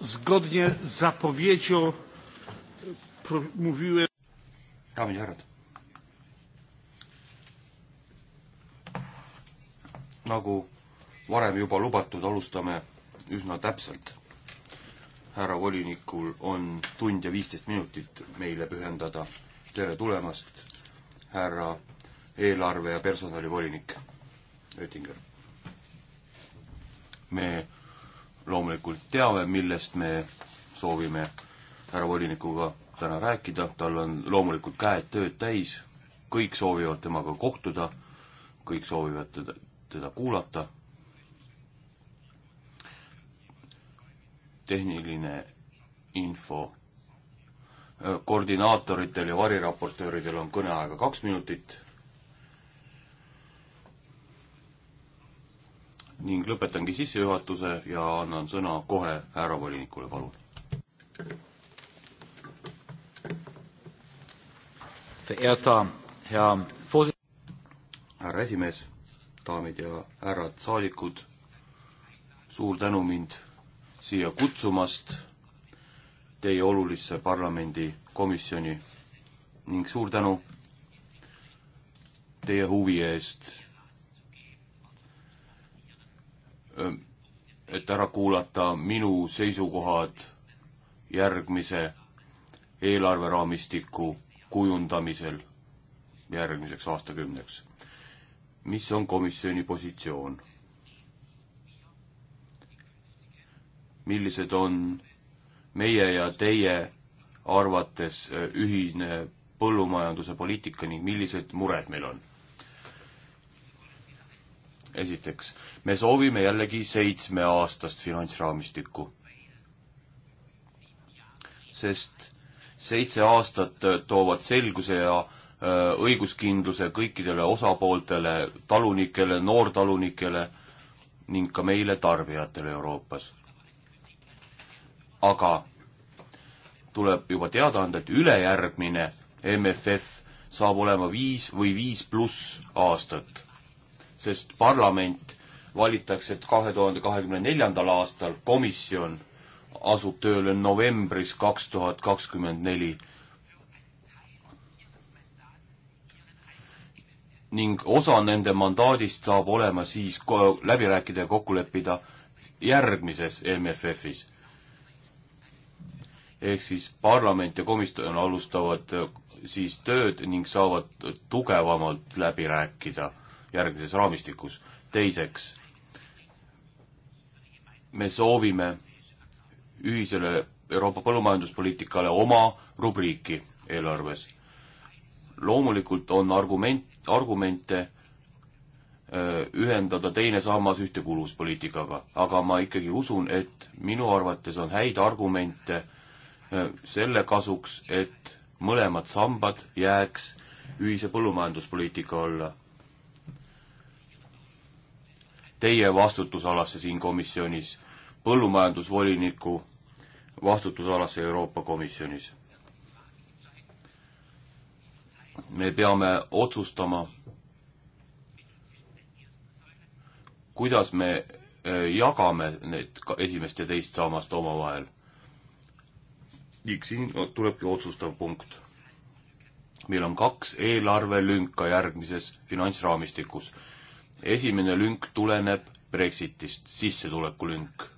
zgodnie z zapowiedzią mówiłem. daamid ja härrad. nagu varem juba lubatud, alustame üsna täpselt. härra volinikul on tund ja viisteist minutit meile pühendada. tere tulemast, härra eelarve ja personalivolinik Oettinger. me loomulikult teame, millest me soovime härra volinikuga täna rääkida, tal on loomulikult käed tööd täis, kõik soovivad temaga kohtuda, kõik soovivad teda, teda kuulata. tehniline info. koordinaatoritel ja variraportööridel on kõneaega kaks minutit ning lõpetangi sissejuhatuse ja annan sõna kohe härra volinikule, palun. härra esimees, daamid ja härrad saadikud, suur tänu mind siia kutsumast teie olulisse parlamendi komisjoni ning suur tänu teie huvi eest et ära kuulata minu seisukohad järgmise eelarveraamistiku kujundamisel järgmiseks aastakümneks. mis on komisjoni positsioon? millised on meie ja teie arvates ühine põllumajanduse poliitika ning millised mured meil on? esiteks, me soovime jällegi seitsmeaastast finantsraamistikku. sest seitse aastat toovad selguse ja äh, õiguskindluse kõikidele osapooltele, talunikele, noortalunikele ning ka meile, tarbijatele Euroopas. aga tuleb juba teada anda, et ülejärgmine MFF saab olema viis või viis pluss aastat sest parlament valitakse kahe tuhande kahekümne neljandal aastal, komisjon asub tööle novembris kaks tuhat kakskümmend neli. ning osa nende mandaadist saab olema siis läbi rääkida ja kokku leppida järgmises MFF-is. ehk siis parlament ja komisjon alustavad äh, siis tööd ning saavad tugevamalt läbi rääkida järgmises raamistikus. teiseks, me soovime ühisele Euroopa põllumajanduspoliitikale oma rubriiki eelarves. loomulikult on argument, argumente ühendada teine sammas ühtekuuluvuspoliitikaga, aga ma ikkagi usun, et minu arvates on häid argumente selle kasuks, et mõlemad sambad jääks ühise põllumajanduspoliitika alla teie vastutusalasse siin komisjonis, põllumajandusvoliniku vastutusalasse Euroopa Komisjonis. me peame otsustama, kuidas me eh, jagame need esimest ja teist sammast omavahel. ning siin tulebki otsustav punkt. meil on kaks eelarvelünka järgmises finantsraamistikus esimene lünk tuleneb Brexitist, sissetulekulünk.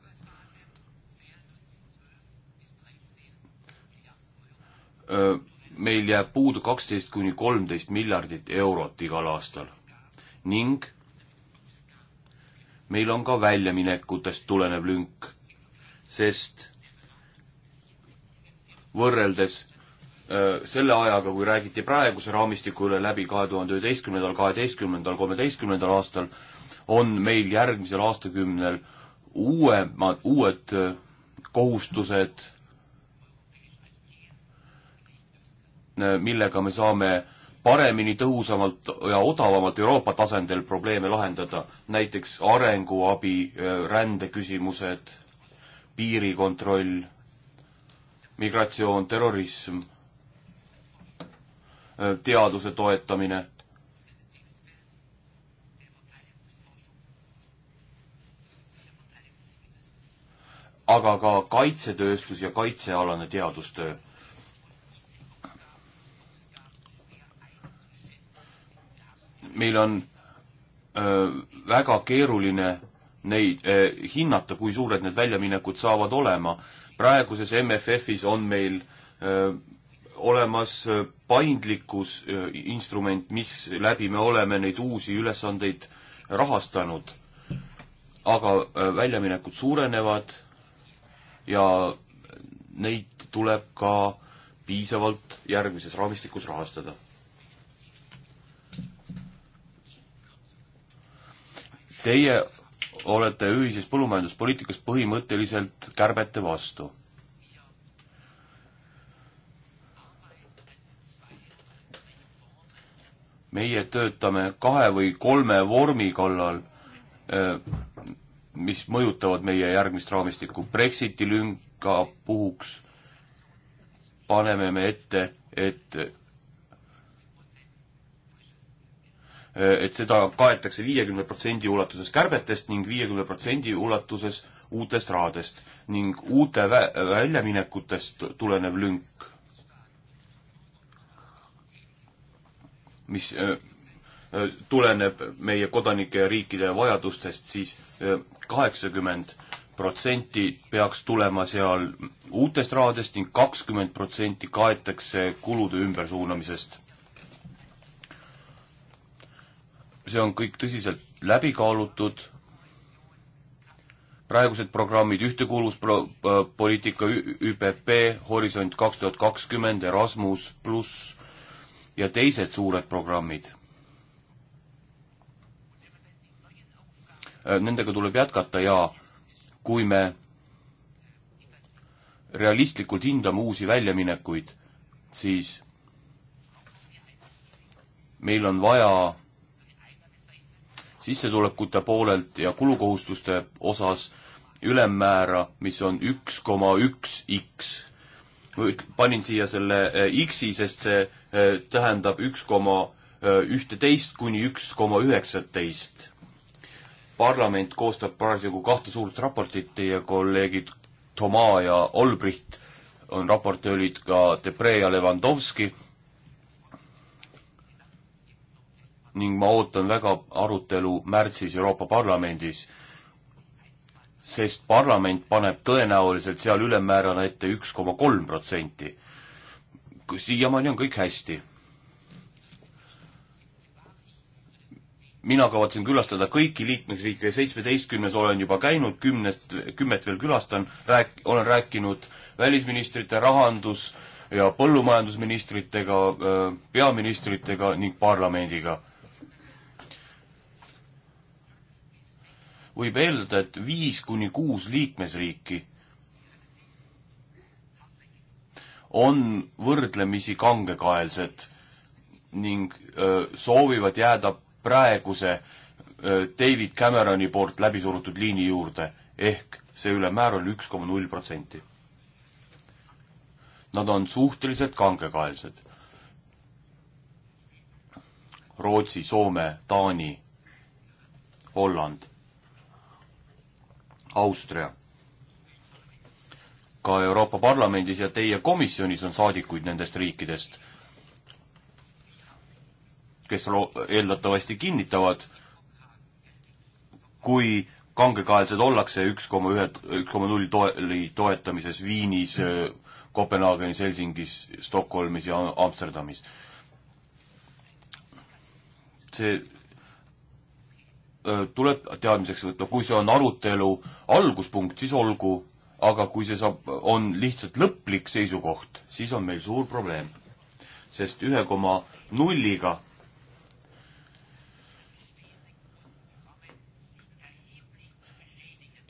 meil jääb puudu kaksteist kuni kolmteist miljardit eurot igal aastal ning meil on ka väljaminekutest tulenev lünk, sest võrreldes Äh, selle ajaga, kui räägiti praeguse raamistiku üle läbi kahe tuhande üheteistkümnendal, kaheteistkümnendal, kolmeteistkümnendal aastal, on meil järgmisel aastakümnel uuemad, uued äh, kohustused, äh, millega me saame paremini, tõhusamalt ja odavamalt Euroopa tasandil probleeme lahendada, näiteks arenguabi, rändeküsimused, piirikontroll, migratsioon, terrorism Äh, teaduse toetamine. aga ka kaitsetööstus ja kaitsealane teadustöö. meil on öö, äh, väga keeruline neid eh, hinnata, kui suured need väljaminekud saavad olema. praeguses MFF-is on meil eh, olemas äh, paindlikkus äh, instrument, mis läbi me oleme neid uusi ülesandeid rahastanud. aga äh, väljaminekud suurenevad ja neid tuleb ka piisavalt järgmises raamistikus rahastada. Teie olete ühises põllumajanduspoliitikas põhimõtteliselt kärbete vastu meie töötame kahe või kolme vormi kallal, äh, mis mõjutavad meie järgmist raamistikku. Brexiti lünka puhuks paneme me ette, et äh, et seda kaetakse viiekümne protsendi ulatuses kärbetest ning viiekümne protsendi ulatuses uutest rahadest ning uute vä väljaminekutest tulenev lünk mis äh, äh, tuleneb meie kodanike ja riikide vajadustest siis, siis äh, kaheksakümmend protsenti peaks tulema seal uutest rahadest ning kakskümmend protsenti kaetakse kulude ümbersuunamisest. see on kõik tõsiselt läbi kaalutud, praegused programmid ühtekuuluvuspoliitika, ÜPP, Horisont kaks tuhat kakskümmend, Erasmus pluss, ja teised suured programmid. Äh, nendega tuleb jätkata ja kui me realistlikult hindame uusi väljaminekuid, siis meil on vaja sissetulekute poolelt ja kulukohustuste osas ülemmäära, mis on üks koma üks X panin siia selle eh, X-i, sest see eh, tähendab üks koma eh, ühteteist kuni üks koma üheksateist. parlament koostab parasjagu kahte suurt raportit, teie kolleegid Toma ja Olbricht on raportöörid ka Debre ja Levandovski ning ma ootan väga arutelu märtsis Euroopa Parlamendis sest parlament paneb tõenäoliselt seal ülemmäärana ette üks koma kolm protsenti. siiamaani on kõik hästi. mina kavatsen külastada kõiki liikmesriike, seitsmeteistkümnes olen juba käinud, kümnest, kümmet veel külastan, rääk-, olen rääkinud välisministrite, rahandus- ja põllumajandusministritega, peaministritega ning parlamendiga võib eeldada, et viis kuni kuus liikmesriiki on võrdlemisi kangekaelsed ning öö, soovivad jääda praeguse öö, David Cameroni poolt läbi surutud liini juurde ehk see ülemäär on üks koma null protsenti. Nad on suhteliselt kangekaelsed. Rootsi, Soome, Taani, Holland Austria. ka Euroopa Parlamendis ja teie komisjonis on saadikuid nendest riikidest, kes lo-, eeldatavasti kinnitavad, kui kangekaelsed ollakse üks koma ühe, üks koma null toeli toetamises Viinis, Kopenhaagenis, Helsingis, Stockholmis ja Amsterdamis. see Äh, tuleb teadmiseks võtta, kui see on arutelu alguspunkt, siis olgu, aga kui see saab, on lihtsalt lõplik seisukoht, siis on meil suur probleem. sest ühe koma nulliga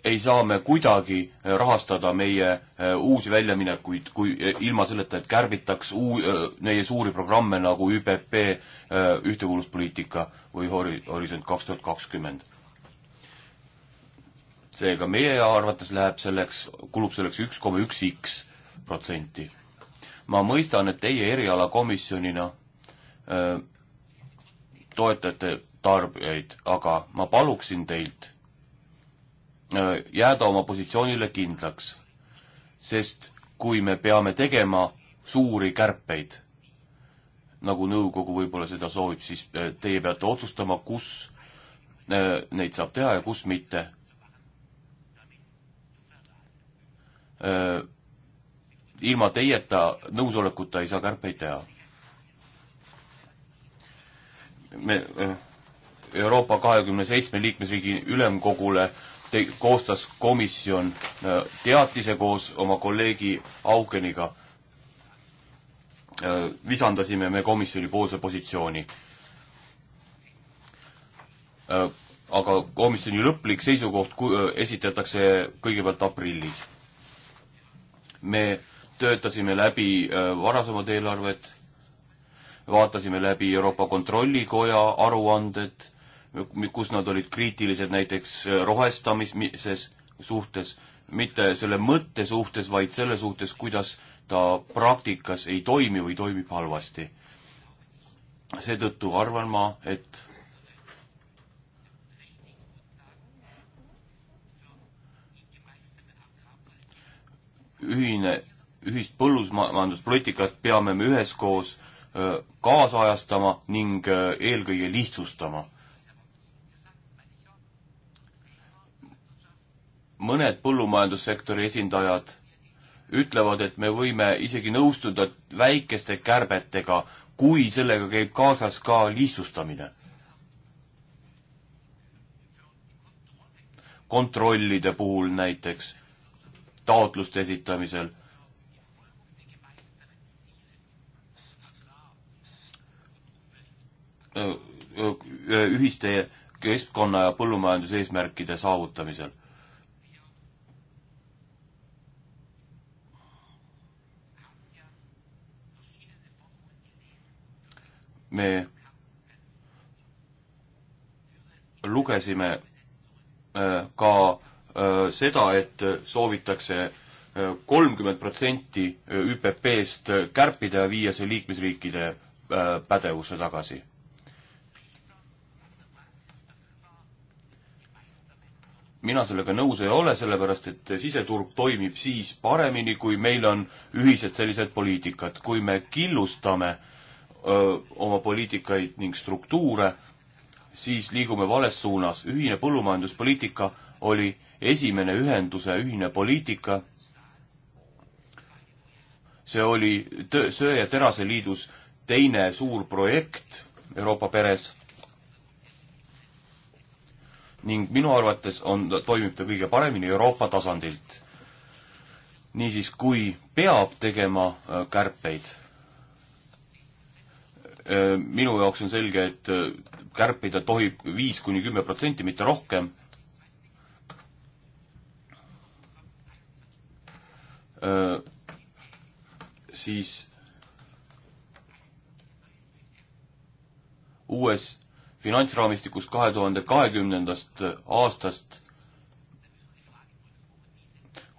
ei saa me kuidagi äh, rahastada meie äh, uusi väljaminekuid, kui äh, ilma selleta, et kärbitaks uu-, meie suuri programme nagu ÜPP, ühtekuuluvuspoliitika või hori-, Horisont kaks tuhat kakskümmend. seega meie arvates läheb selleks, kulub selleks üks koma üks X protsenti. ma mõistan, et teie erialakomisjonina toetate tarbijaid, aga ma paluksin teilt Äh, jääda oma positsioonile kindlaks. sest kui me peame tegema suuri kärpeid, nagu nõukogu võib-olla seda soovib, siis äh, teie peate otsustama, kus äh, neid saab teha ja kus mitte. ilma teieta nõusolekuta ei saa kärpeid teha. me Euroopa kahekümne seitsme liikmesriigi ülemkogule äh, te-, koostas komisjon äh, teatise koos oma kolleegi Aukeniga, äh, visandasime me komisjoni poolse positsiooni. Äh, aga komisjoni lõplik seisukoht esitatakse kõigepealt aprillis. me töötasime läbi varasemad eelarved, vaatasime läbi Euroopa Kontrollikoja aruanded kus nad olid kriitilised näiteks äh, rohestamises suhtes, mitte selle mõtte suhtes, vaid selle suhtes, kuidas ta praktikas ei toimi või toimib halvasti. seetõttu arvan ma, et ühine, ühist põllumajanduspoliitikat peame me üheskoos äh, kaasajastama ning äh, eelkõige lihtsustama. mõned põllumajandussektori esindajad ütlevad, et me võime isegi nõustuda väikeste kärbetega, kui sellega käib kaasas ka lihtsustamine. kontrollide puhul näiteks, taotluste esitamisel. ühiste keskkonna ja põllumajanduse eesmärkide saavutamisel me lugesime äh, ka äh, seda, et soovitakse äh, kolmkümmend protsenti ÜPP-st kärpida ja viia see liikmesriikide pädevuse tagasi. mina sellega nõus ei ole, sellepärast et siseturg toimib siis paremini, kui meil on ühised sellised poliitikad. kui me killustame äh, öö, oma poliitikaid ning struktuure, siis liigume vales suunas. ühine põllumajanduspoliitika oli esimene ühenduse ühine poliitika. see oli söe- ja teraseliidus teine suur projekt Euroopa peres. ning minu arvates on, toimib ta kõige paremini Euroopa tasandilt. niisiis, kui peab tegema kärpeid minu jaoks on selge, et kärpida tohib viis kuni kümme protsenti, mitte rohkem. siis uues finantsraamistikus kahe tuhande kahekümnendast aastast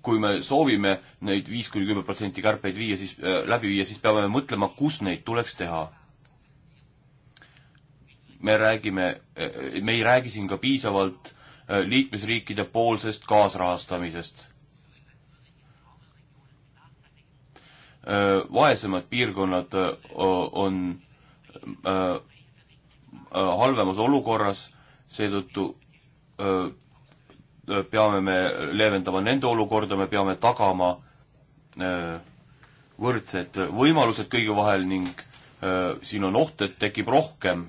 kui me soovime neid viis kuni kümme protsenti kärpeid viia, siis äh, läbi viia, siis peame mõtlema, kus neid tuleks teha me räägime, me ei räägi siin ka piisavalt äh, liikmesriikide poolsest kaasrahastamisest. Äh, vaesemad piirkonnad äh, on halvemas olukorras, seetõttu peame me leevendama nende olukorda, me peame tagama võrdsed võimalused kõigi vahel ning siin on oht, et tekib rohkem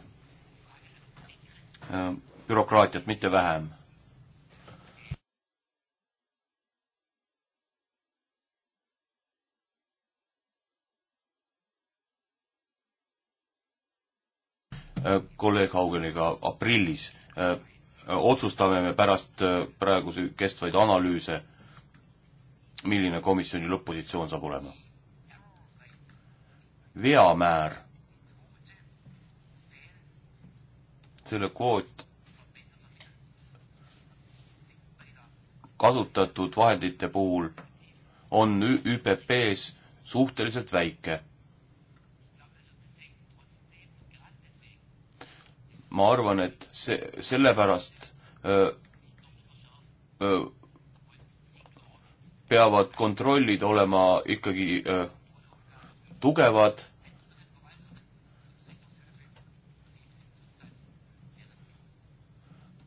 Äh, bürokraatiat, mitte vähem. Äh, kolleeg Haugeniga aprillis äh, otsustame me pärast praeguse kestvaid analüüse, milline komisjoni lõpp-positsioon saab olema. veamäär selle kvoot kasutatud vahendite puhul on ÜPP-s suhteliselt väike. ma arvan, et see, sellepärast öö, öö, peavad kontrollid olema ikkagi öö, tugevad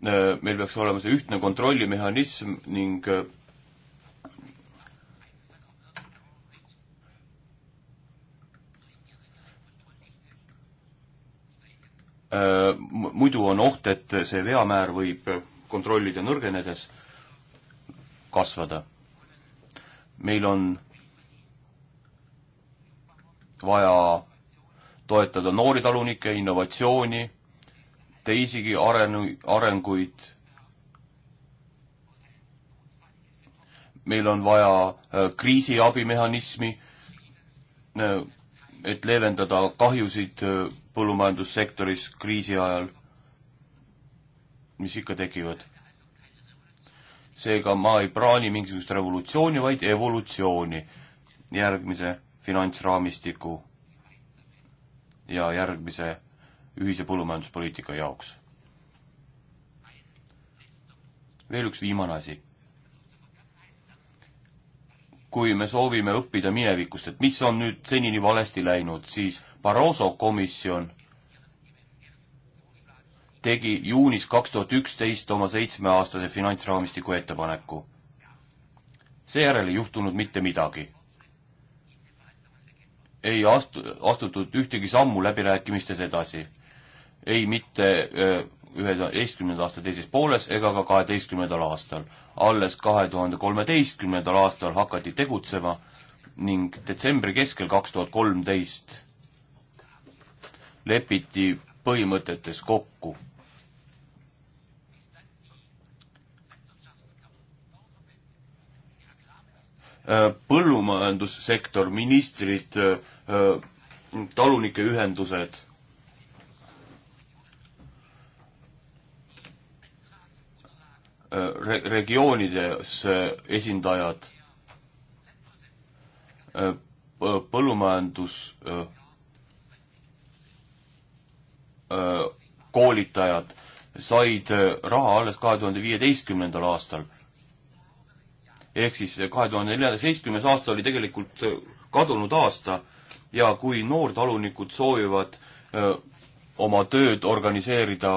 Äh, meil peaks olema see ühtne kontrollimehhanism ning äh, muidu on oht, et see veamäär võib kontrollida nõrgenedes kasvada. meil on vaja toetada noori talunikke, innovatsiooni teisigi arenu-, arenguid. meil on vaja äh, kriisiabimehhanismi, äh, et leevendada kahjusid äh, põllumajandussektoris kriisi ajal, mis ikka tekivad. seega ma ei plaani mingisugust revolutsiooni, vaid evolutsiooni järgmise finantsraamistiku ja järgmise ühise põllumajanduspoliitika jaoks. veel üks viimane asi. kui me soovime õppida minevikust, et mis on nüüd senini valesti läinud, siis Barroso komisjon tegi juunis kaks tuhat üksteist oma seitsmeaastase finantsraamistiku ettepaneku. seejärel ei juhtunud mitte midagi. ei astu-, astutud ühtegi sammu läbirääkimistes edasi ei mitte äh, üheteistkümnenda aasta teises pooles ega ka kaheteistkümnendal aastal. alles kahe tuhande kolmeteistkümnendal aastal hakati tegutsema ning detsembri keskel kaks tuhat kolmteist lepiti põhimõtetes kokku äh, põllumajandussektor, ministrid, äh, talunike ühendused Äh, re-, regioonides äh, esindajad, äh, põllumajandus, koolitajad said raha alles kahe tuhande viieteistkümnendal aastal. ehk siis kahe tuhande neljateistkümnes aasta oli tegelikult kadunud aasta ja kui noortalunikud soovivad öö, oma tööd organiseerida,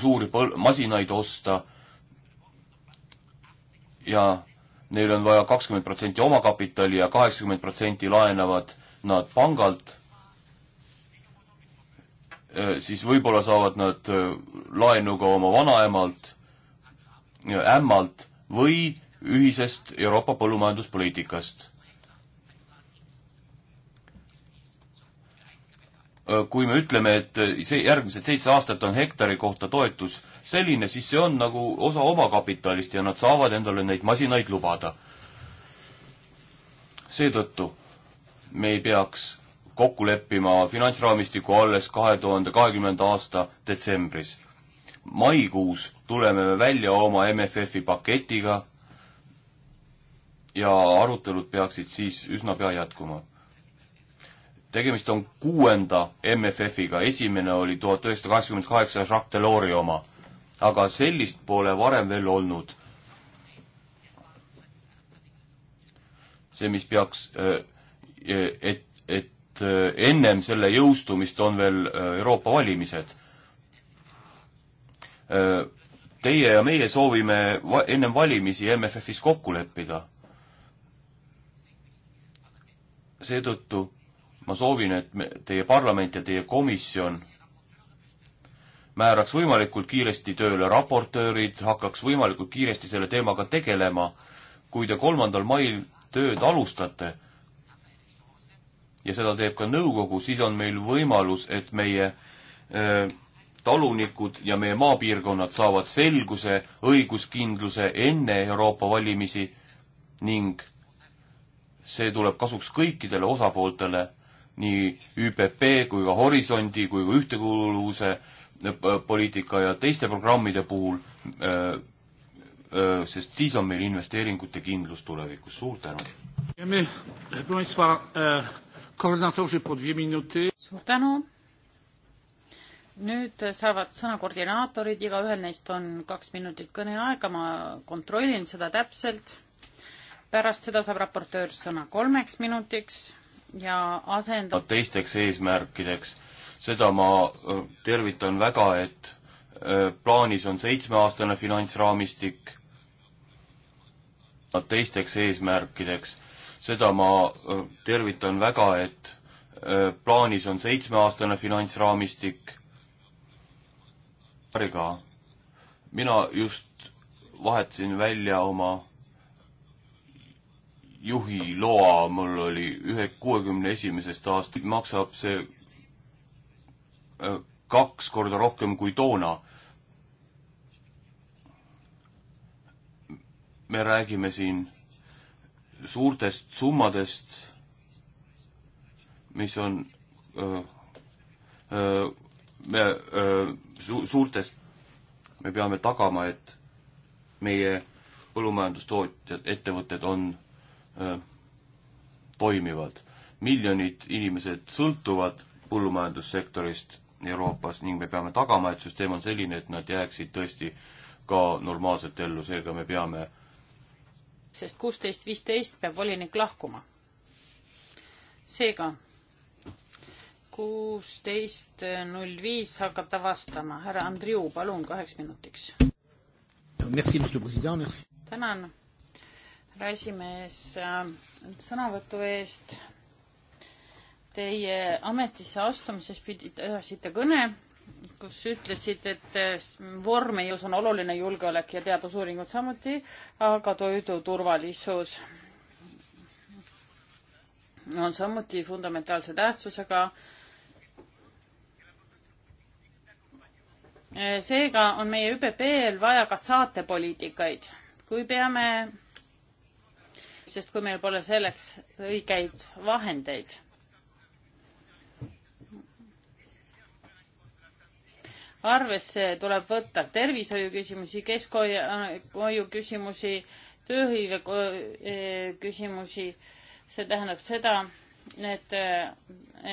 suuri põl-, masinaid osta, ja neil on vaja kakskümmend protsenti omakapitali ja kaheksakümmend protsenti laenavad nad pangalt, eh, siis võib-olla saavad nad eh, laenu ka oma vanaemalt, ämmalt või ühisest Euroopa põllumajanduspoliitikast. Eh, kui me ütleme, et see järgmised seitse aastat on hektari kohta toetus selline, siis see on nagu osa omakapitalist ja nad saavad endale neid masinaid lubada. seetõttu me ei peaks kokku leppima finantsraamistiku alles kahe tuhande kahekümnenda aasta detsembris. maikuus tuleme me välja oma MFF-i paketiga ja arutelud peaksid siis üsna pea jätkuma. tegemist on kuuenda MFF-iga, esimene oli tuhat üheksasada kaheksakümmend kaheksa Jacques Delors'i oma aga sellist pole varem veel olnud. see, mis peaks, äh, äh, et, et äh, ennem selle jõustumist on veel Euroopa valimised. Teie ja meie soovime va ennem valimisi MFF-is kokku leppida. seetõttu ma soovin, et me, teie parlament ja teie komisjon määraks võimalikult kiiresti tööle raportöörid, hakkaks võimalikult kiiresti selle teemaga tegelema. kui te kolmandal mail tööd alustate ja seda teeb ka nõukogu, siis on meil võimalus, et meie öö, äh, talunikud ja meie maapiirkonnad saavad selguse, õiguskindluse enne Euroopa valimisi ning see tuleb kasuks kõikidele osapooltele, nii ÜPP kui ka Horisondi kui ka ühtekuuluvuse poliitika ja teiste programmide puhul, äh, äh, sest siis on meil investeeringute kindlus tulevikus, suur tänu! E, suur tänu! nüüd saavad sõna koordinaatorid, igaühel neist on kaks minutit kõneaega, ma kontrollin seda täpselt. pärast seda saab raportöör sõna kolmeks minutiks ja asendab teisteks eesmärkideks seda ma äh, tervitan väga, et äh, plaanis on seitsmeaastane finantsraamistik teisteks eesmärkideks. seda ma äh, tervitan väga, et plaanis on seitsmeaastane finantsraamistik. Kariga, mina just vahetasin välja oma juhi loa, mul oli ühe, kuuekümne esimesest aastast, maksab see Äh, kaks korda rohkem kui toona. me räägime siin suurtest summadest, mis on öö, äh, öö, äh, me öö, su-, suurtest, me peame tagama, et meie põllumajandustootjad, ettevõtted on öö, toimivad. miljonid inimesed sõltuvad põllumajandussektorist Euroopas ning me peame tagama, et süsteem on selline, et nad jääksid tõesti ka normaalselt ellu, seega me peame sest kuusteist viisteist peab volinik lahkuma. seega kuusteist null viis hakkab ta vastama. härra Andriu, palun kaheks minutiks. tänan, härra esimees, äh, sõnavõtu eest Teie ametisse astumises pidasite kõne, kus ütlesite, et eh, vormijõus on oluline julgeolek ja teadusuuringud samuti, aga toidu turvalisus on samuti fundamentaalse tähtsusega eh, seega on meie ÜPP-l vaja ka saatepoliitikaid, kui peame, sest kui meil pole selleks õigeid vahendeid. arvesse tuleb võtta tervishoiuküsimusi, keskhoiu küsimusi, tööhõive eh, küsimusi. see tähendab seda, et eh,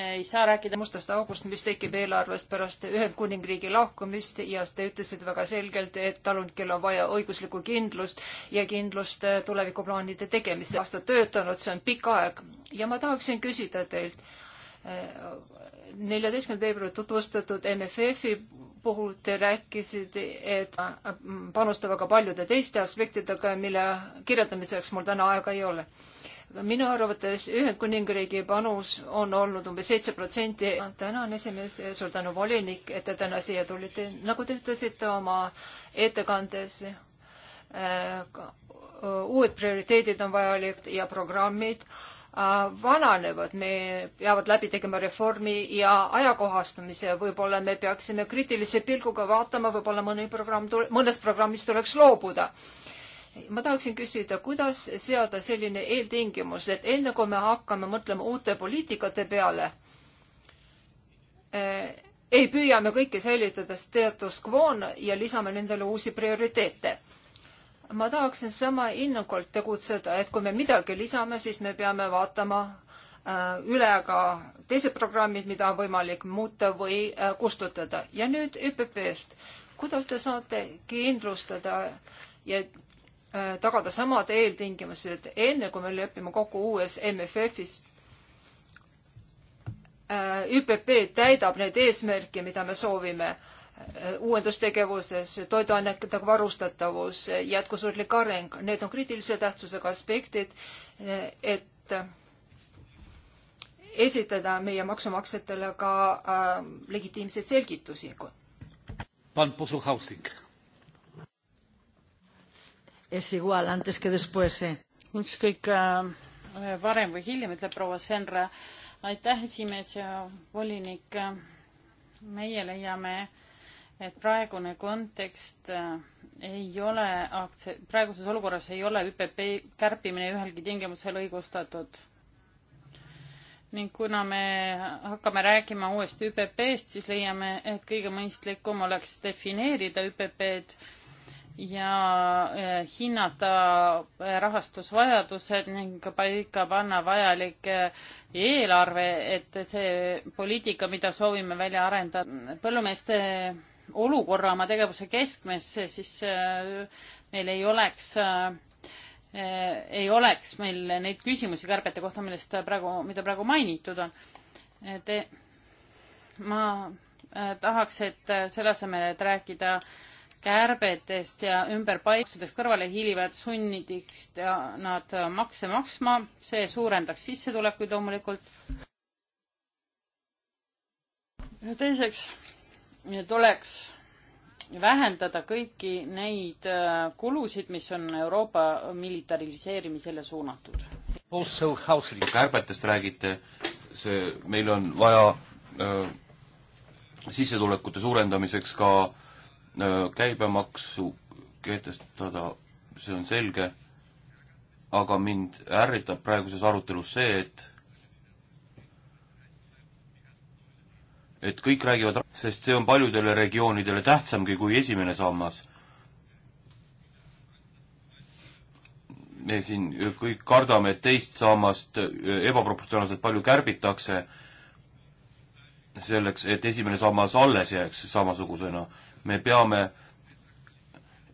ei saa rääkida mustast august, mis tekib eelarvest pärast Ühendkuningriigi lahkumist ja te ütlesite väga selgelt, et talunikel on vaja õiguslikku kindlust ja kindlust eh, tulevikuplaanide tegemisel. aasta töötanud, see on pikk aeg ja ma tahaksin küsida teilt, neljateistkümnendal veebruaril tutvustatud MFF-i puhul te rääkisite, et äh, panustab väga paljude teiste aspektidega, mille kirjeldamiseks mul täna aega ei ole. minu arvates Ühendkuningriigi panus on olnud umbes seitse protsenti. tänan, esimees, suur tänu, volinik, et te täna siia tulite. nagu te ütlesite oma ettekandes äh,, äh uued prioriteedid on vajalikud ja programmid äh, Äh, vananevad, me peavad läbi tegema reformi ja ajakohastamise, võib-olla me peaksime kriitilise pilguga vaatama, võib-olla mõni programm, mõnest programmist tuleks loobuda. ma tahaksin küsida, kuidas seada selline eeltingimus, et enne kui me hakkame mõtlema uute poliitikate peale eh,, ei püüa me kõike säilitada status quo'na ja lisame nendele uusi prioriteete ma tahaksin sama innukult tegutseda, et kui me midagi lisame, siis me peame vaatama äh, üle ka teised programmid, mida on võimalik muuta või äh, kustutada. ja nüüd ÜPP-st. kuidas te saate kindlustada ja äh, tagada samad eeltingimused, enne kui me lepime kokku uues MFF-is? ÜPP täidab neid eesmärke, mida me soovime uuendustegevuses, toiduainetega varustatavus, jätkusuutlik areng, need on kriitilise tähtsusega aspektid, et esitada meie maksumaksjatele ka äh, legitiimseid selgitusi. Pan poseł Hausling. Es igual antes que después eh.. ükskõik äh, varem või hiljem, ütleb proua Senra. aitäh, esimees ja volinik. meie leiame äh, et praegune kontekst äh, ei ole aktsia-, praeguses olukorras ei ole ÜPP kärpimine ühelgi tingimusel õigustatud. ning kuna me hakkame rääkima uuesti ÜPP-st, siis leiame, et kõige mõistlikum oleks defineerida ÜPP-d ja äh, hinnata äh, rahastusvajadused ning paika panna vajalik eelarve, et see poliitika, mida soovime välja arendada, põllumeeste olukorra oma tegevuse keskmesse, siis äh, meil ei oleks äh, ei oleks meil neid küsimusi kärbete kohta, millest praegu, mida praegu mainitud on. et eh, ma äh, tahaks, et selle asemel, et rääkida kärbetest ja ümberpaiksusest kõrvale hiilivad sunnitist ja nad makse maksma, see suurendaks sissetulekuid loomulikult. ja teiseks tuleks vähendada kõiki neid äh, kulusid, mis on Euroopa militariseerimisele suunatud. kärbetest räägite, see, meil on vaja öö, äh, sissetulekute suurendamiseks ka öö, äh, käibemaksu kehtestada, see on selge, aga mind ärritab praeguses arutelus see, et et kõik räägivad, sest see on paljudele regioonidele tähtsamgi kui esimene sammas. me siin kõik kardame, et teist sammast äh, ebaproportsionaalselt palju kärbitakse selleks, et esimene sammas alles jääks samasugusena. me peame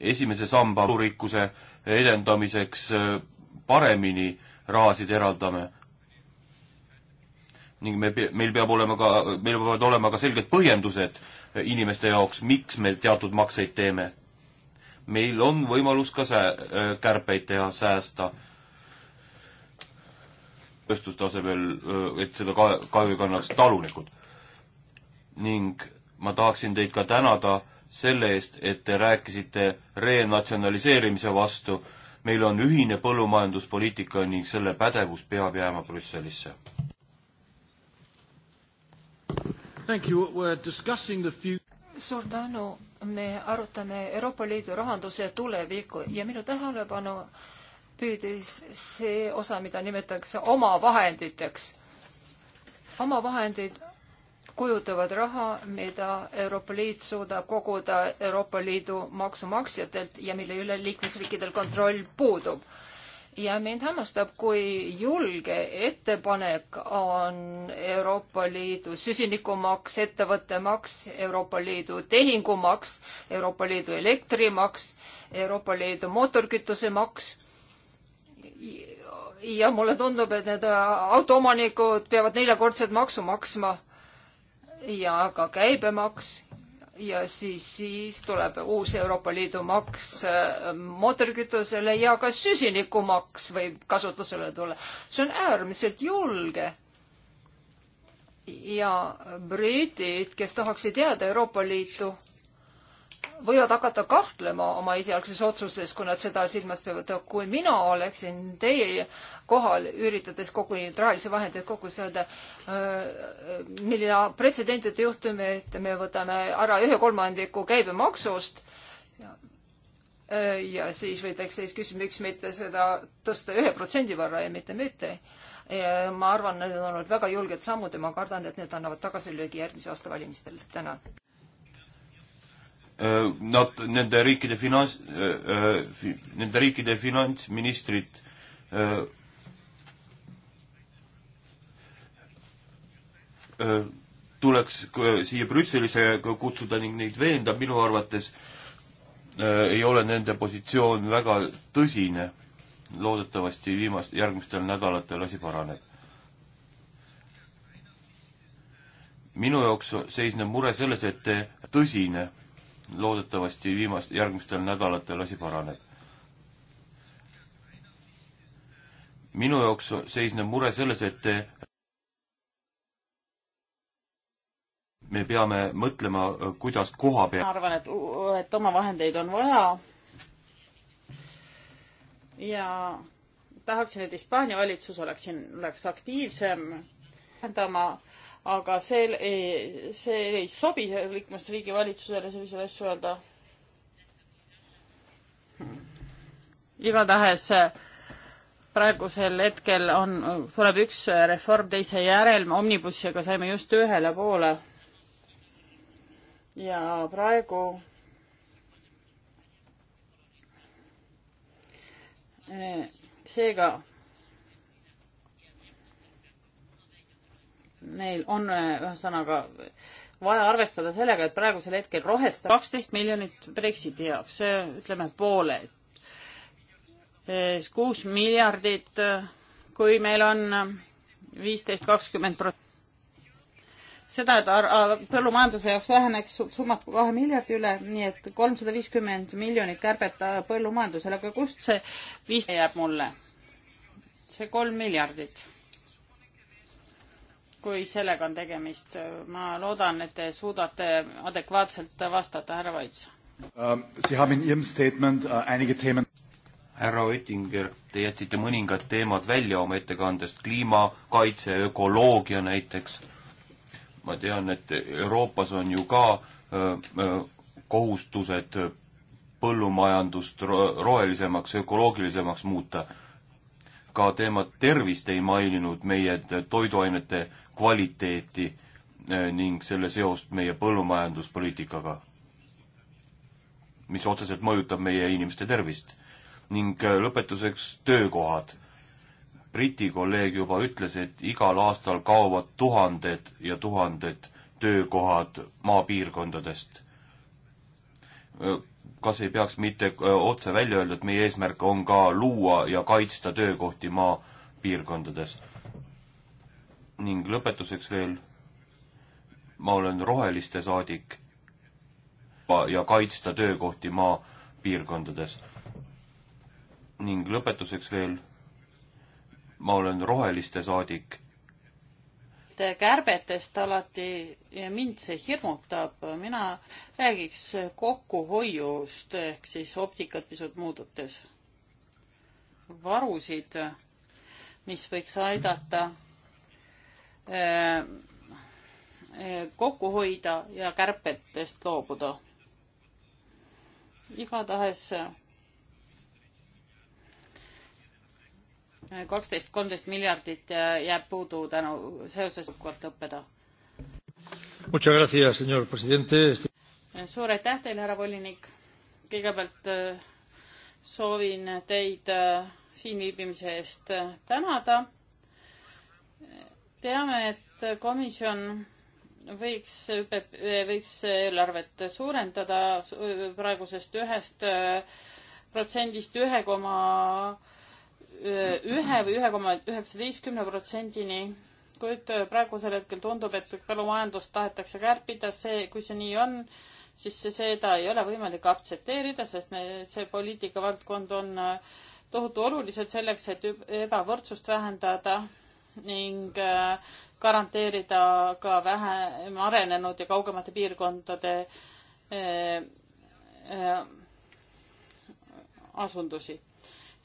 esimese samba rikkuse edendamiseks äh, paremini rahasid eraldame ning me, meil peab olema ka, meil peavad olema ka selged põhjendused inimeste jaoks, miks me teatud makseid teeme. meil on võimalus ka sää-, äh, kärpeid teha, säästa tööstuste asemel, äh, et seda ka-, kahju kannaks talunikud. ning ma tahaksin teid ka tänada selle eest, et te rääkisite renatsionaliseerimise vastu. meil on ühine põllumajanduspoliitika ning selle pädevus peab jääma Brüsselisse suur tänu, me arutame Euroopa Liidu rahanduse tulevikku ja minu tähelepanu püüdis see osa, mida nimetatakse omavahenditeks. omavahendid kujutavad raha, mida Euroopa Liit suudab koguda Euroopa Liidu maksumaksjatelt ja mille üle liikmesriikidel kontroll puudub ja mind hämmastab, kui julge ettepanek on Euroopa Liidu süsinikumaks, ettevõttemaks, Euroopa Liidu tehingumaks, Euroopa Liidu elektrimaks, Euroopa Liidu mootorkütusemaks. ja mulle tundub, et need autoomanikud peavad neljakordset maksu maksma ja ka käibemaks ja siis, siis tuleb uus Euroopa Liidu maks äh, mootorikütusele ja ka süsinikumaks võib kasutusele tulla. see on äärmiselt julge. ja britid, kes tahaksid jääda Euroopa Liitu võivad hakata kahtlema oma esialgses otsuses, kui nad seda silmas peavad. kui mina oleksin teie kohal, üritades kogu neid rahalisi vahendeid kokku saada, äh, milline pretsedenditu juhtum, et me võtame ära ühe kolmandiku käibemaksust ja äh, siis võidakse siis küsida, miks mitte seda tõsta ühe protsendi võrra ja mitte mitte. ma arvan, need on olnud väga julged sammud ja ma kardan, et need annavad tagasilöögi järgmise aasta valimistel. tänan Äh, nad, nende riikide finants, äh, äh, nende riikide finantsministrid tuleks siia Brüsselisse kutsuda ning neid veenda, minu arvates ei ole nende positsioon väga tõsine. loodetavasti viimast, järgmistel nädalatel asi paraneb. minu jaoks seisneb mure selles, et tõsine loodetavasti viimast, järgmistel nädalatel asi paraneb. minu jaoks seisneb mure selles, et me peame mõtlema, kuidas koha peal. ma arvan, et, et omavahendeid on vaja. ja tahaksin, et Hispaania valitsus oleks siin, oleks aktiivsem, tähendama äh, aga see ei, see ei sobi liikmesriigi valitsusele selliseid asju öelda. igatahes äh, praegusel hetkel on, tuleb üks reform teise järel, omnibussiga saime just ühele poole. ja praegu äh, seega meil on äh, ühesõnaga vaja arvestada sellega, et praegusel hetkel rohestab kaksteist miljonit Brexiti jaoks, ütleme poole. kuus miljardit, äh, kui meil on äh, viisteist, kakskümmend prot-. seda, et põllumajanduse jaoks väheneks summad kahe miljardi üle, nii et kolmsada viiskümmend miljonit kärbet põllumajandusele, aga kust see viis jääb mulle? see kolm miljardit kui sellega on tegemist. ma loodan, et te suudate adekvaatselt vastata, härra Vaits uh,. Uh, härra Oettinger, te jätsite mõningad teemad välja oma ettekandest, kliimakaitse, ökoloogia näiteks. ma tean, et Euroopas on ju ka öö, äh, öö, äh, kohustused põllumajandust ro rohelisemaks, ökoloogilisemaks muuta ka teemat tervist ei maininud, meie toiduainete kvaliteeti eh, ning selle seost meie põllumajanduspoliitikaga, mis otseselt mõjutab meie inimeste tervist. ning eh, lõpetuseks töökohad. Briti kolleeg juba ütles, et igal aastal kaovad tuhanded ja tuhanded töökohad maapiirkondadest eh, kas ei peaks mitte otse välja öelda, et meie eesmärk on ka luua ja kaitsta töökohti maapiirkondades? ning lõpetuseks veel, ma olen roheliste saadik ja kaitsta töökohti maapiirkondades. ning lõpetuseks veel, ma olen roheliste saadik et kärbetest alati mind see hirmutab, mina räägiks kokkuhoiust ehk siis optikat pisut muudetes. varusid, mis võiks aidata eh, eh, kokku hoida ja kärbetest loobuda. igatahes kaksteist, kolmteist miljardit jääb puudu tänu seoses kord õppeda. suur aitäh teile, härra volinik. kõigepealt äh, soovin teid äh, siin viibimise eest äh, tänada. teame, et komisjon võiks, võiks eelarvet suurendada praegusest ühest protsendist ühe koma ühe või ühe koma üheksateistkümne protsendini, kuid äh, praegusel hetkel tundub, et põllumajandust tahetakse kärpida, see, kui see nii on, siis seda ei ole võimalik aktsepteerida, sest me, see poliitikavaldkond on äh, tohutu oluliselt selleks, et ebavõrdsust vähendada ning äh, garanteerida ka vähem arenenud ja kaugemate piirkondade asundusi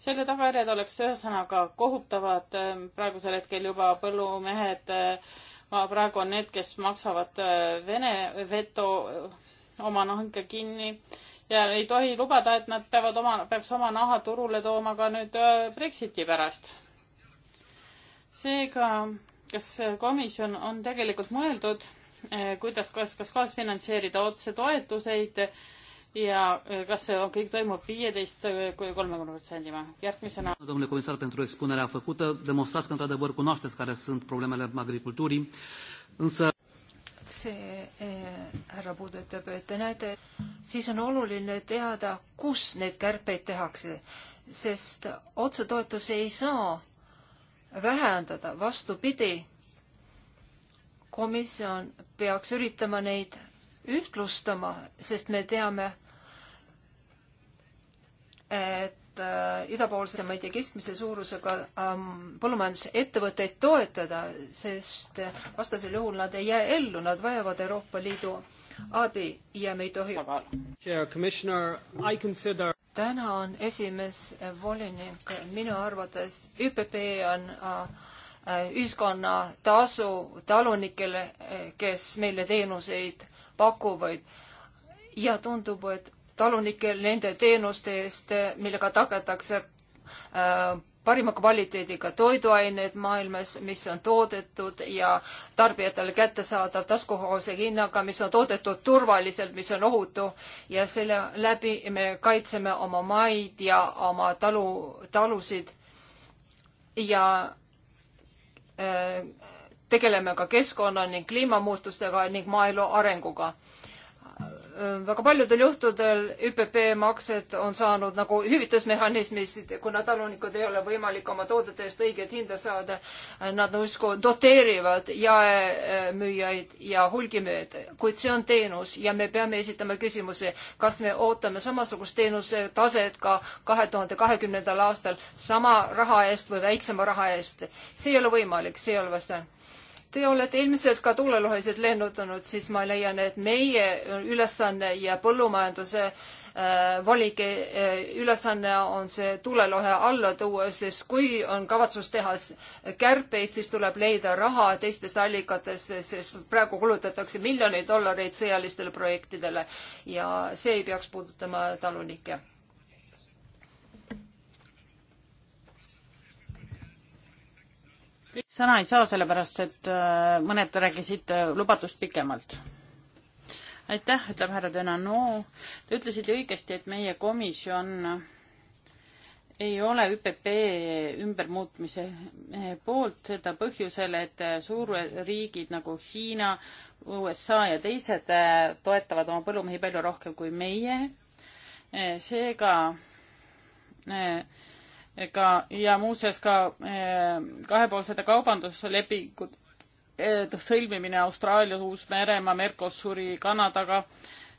selle tagajärjed oleks ühesõnaga kohutavad, praegusel hetkel juba põllumehed, praegu on need, kes maksavad äh, Vene veto äh, oma nahka kinni ja ei tohi lubada, et nad peavad oma, peaks oma naha turule tooma ka nüüd äh, Brexiti pärast. seega, kas komisjon on tegelikult mõeldud, kuidas, kas, kas kaasfinantseerida otsetoetuseid, ja äh, kas see kõik toimub viieteist äh, kuni kolmekümne protsendima. järgmisena. domnule comisar pentru expunerea făcută, demonstrați că într-adevăr cunoașteți care sunt problemele agriculturii, însă see eh, härra puudutab, et te näete, siis on oluline teada, kus neid kärpeid tehakse, sest otsetoetusi ei saa vähendada, vastupidi, komisjon peaks üritama neid ühtlustama, sest me teame, et äh, idapoolsemaid ja keskmise suurusega ähm, põllumajandusettevõtteid toetada, sest vastasel juhul nad ei jää ellu, nad vajavad Euroopa Liidu abi ja me ei tohi. Consider... täna on esimees volinik, minu arvates ÜPP on äh, ühiskonna tasu talunikele, äh, kes meile teenuseid pakuvad ja tundub, et talunikel nende teenuste eest, millega tagatakse äh, parima kvaliteediga toiduained maailmas, mis on toodetud ja tarbijatele kättesaadav taskukohase hinnaga, mis on toodetud turvaliselt, mis on ohutu ja selle läbi me kaitseme oma maid ja oma talu, talusid ja äh, tegeleme ka keskkonna ning kliimamuutustega ning maaelu arenguga Äh, väga paljudel juhtudel ÜPP maksed on saanud nagu hüvitusmehhanismist, kuna talunikud ei ole võimalik oma toodete eest õiget hinda saada. Nad justkui doteerivad jaemüüjaid ja hulgimüüjaid, kuid see on teenus ja me peame esitama küsimuse, kas me ootame samasugust teenuse taset ka kahe tuhande kahekümnendal aastal sama raha eest või väiksema raha eest. see ei ole võimalik, see ei ole vastane Te olete ilmselt ka tuulelohesid lennutanud, siis ma leian, et meie ülesanne ja põllumajanduse äh, valike äh, ülesanne on see tulelohe alla tuua, sest kui on kavatsus teha kärpeid, siis tuleb leida raha teistest allikatest, sest praegu kulutatakse miljoneid dollareid sõjalistele projektidele ja see ei peaks puudutama talunikke sõna ei saa, sellepärast et äh, mõned rääkisid äh, lubatust pikemalt. aitäh, ütleb härra Denano. Te ütlesite õigesti, et meie komisjon ei ole ÜPP ümbermuutmise poolt, seda põhjusel, et suurriigid nagu Hiina, USA ja teised äh, toetavad oma põllumehi palju rohkem kui meie. seega ka ja muuseas ka eh, kahepoolsete kaubanduslepingute eh, sõlmimine Austraalia, Uus-Meremaa, Mercosuri, Kanadaga,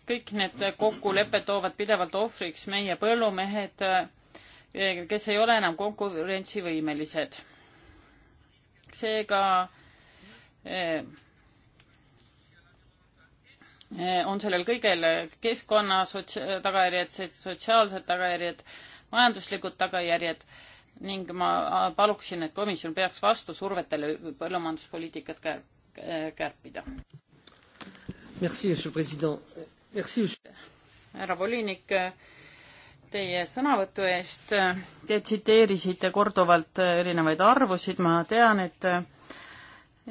kõik need kokkulepped toovad pidevalt ohvriks meie põllumehed, eh, kes ei ole enam konkurentsivõimelised. seega on sellel kõigel keskkonna sots-, tagajärjed, sotsiaalsed tagajärjed, tagajärjed majanduslikud tagajärjed ning ma paluksin, et komisjon peaks vastu survetele põllumajanduspoliitikat kär-, kärpida. härra volinik, teie sõnavõtu eest. Te tsiteerisite korduvalt erinevaid arvusid, ma tean, et e,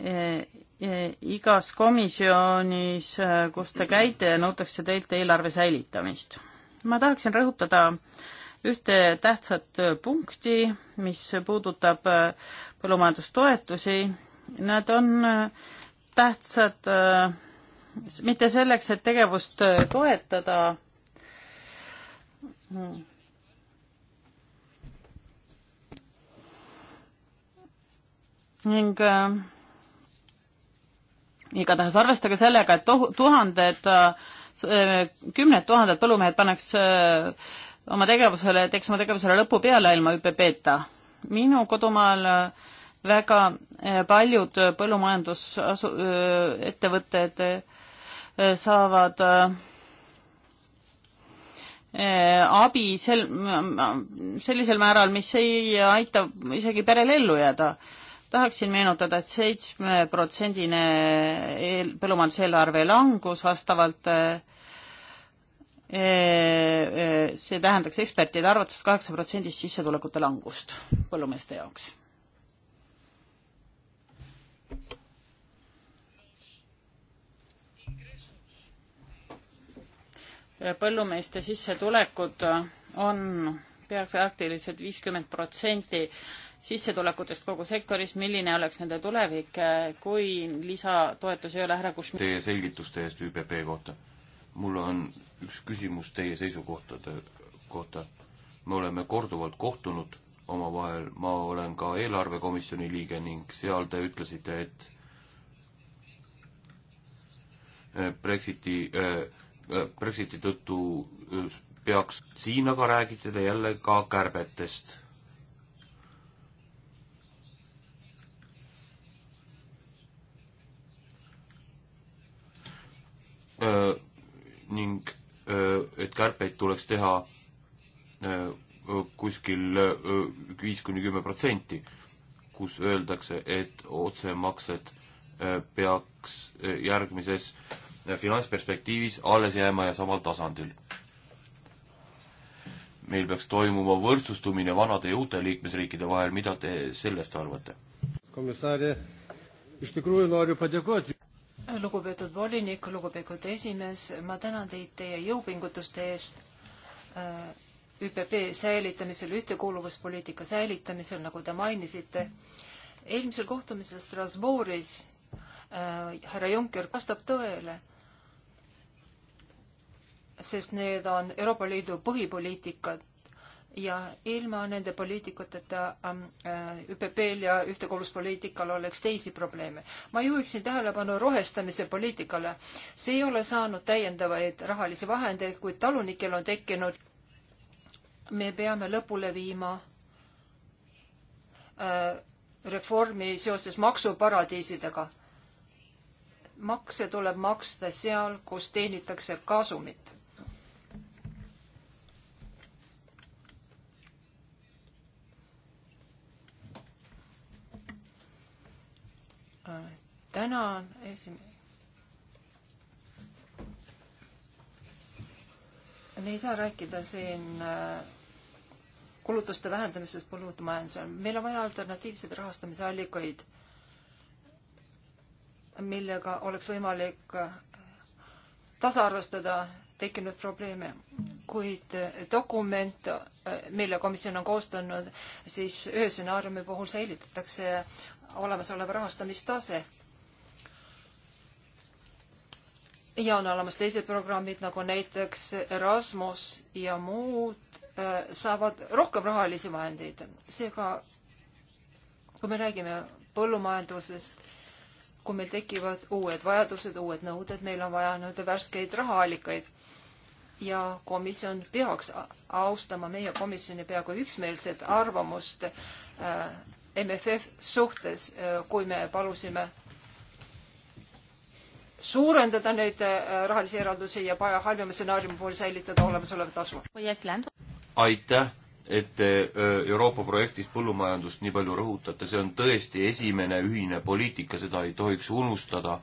e, igas komisjonis, kus te käite, nõutakse teilt eelarve säilitamist. ma tahaksin rõhutada äh, ühte tähtsat punkti, mis puudutab äh, põllumajandustoetusi. Nad on äh, tähtsad äh, mitte selleks, et tegevust toetada, hmm. ning äh, igatahes arvestage sellega, et tohu-, tuhanded äh, kümned tuhanded põllumehed pannakse äh, oma tegevusele, teeks oma tegevusele lõpu peale ilma ÜPP-ta. minu kodumaal äh, väga äh, paljud põllumajandusettevõtted äh, saavad abi sel, sellisel määral, mis ei aita isegi perel ellu jääda. tahaksin meenutada et, et seitsmeprotsendine põllumajanduseelarve langus vastavalt äh, see tähendaks ekspertide arvates kaheksa protsendist sissetulekute langust põllumeeste jaoks. põllumeeste sissetulekud on pea praktiliselt viiskümmend protsenti sissetulekutest kogu sektoris, milline oleks nende tulevik, kui lisatoetusi ei ole ära kus-. Teie selgituste eest ÜPP kohta. mul on üks küsimus teie seisukohtade kohta. me oleme korduvalt kohtunud omavahel, ma olen ka eelarvekomisjoni liige ning seal te ütlesite, et Brexiti, äh, äh, Brexiti tõttu äh, peaks, siin aga räägite te jälle ka kärbetest. ning Äh, et kärpeid tuleks teha äh, kuskil äh, viis kuni kümme protsenti, kus öeldakse, et otsemaksed peaks järgmises finantsperspektiivis alles jääma ja samal tasandil. meil peaks toimuma võrdsustumine vanade ja uute liikmesriikide vahel, mida te sellest arvate? lugupeetud volinik, lugupeetud esimees, ma tänan teid teie jõupingutuste eest äh, ÜPP säilitamisel, ühtekuuluvuspoliitika säilitamisel, nagu te mainisite. eelmisel kohtumisel Strasbourgis äh, härra Juncker vastab tõele, sest need on Euroopa Liidu põhipoliitikad ja ilma nende poliitikuteta ähm, äh, ÜPP-l ja ühtekooluspoliitikal oleks teisi probleeme. ma juhiksin tähelepanu rohestamise poliitikale. see ei ole saanud täiendavaid rahalisi vahendeid, kuid talunikel on tekkinud, me peame lõpule viima äh, reformi seoses maksuparadiisidega. makse tuleb maksta seal, kus teenitakse kasumit tänan, esimees. me ei saa rääkida siin äh, kulutuste vähendamisest põllumajandusel. meil on vaja alternatiivseid rahastamisallikaid, millega oleks võimalik äh, tasaarvestada tekkinud probleeme. kuid äh, dokument, mille komisjon on koostanud, siis ühe stsenaariumi puhul säilitatakse olemasolev rahastamistase. ja on olemas teised programmid, nagu näiteks Erasmus ja muud, äh, saavad rohkem rahalisi vahendeid. seega, kui me räägime põllumajandusest, kui meil tekivad uued vajadused, uued nõuded, meil on vaja nii-öelda värskeid rahaallikaid ja komisjon peaks austama meie komisjoni peaaegu üksmeelset arvamust äh, MFF suhtes, äh, kui me palusime suurendada neid äh, rahalisi eraldusi ja halvema stsenaariumi puhul säilitada olemasolev tasu. aitäh, et te Euroopa projektis põllumajandust nii palju rõhutate, see on tõesti esimene ühine poliitika, seda ei tohiks unustada.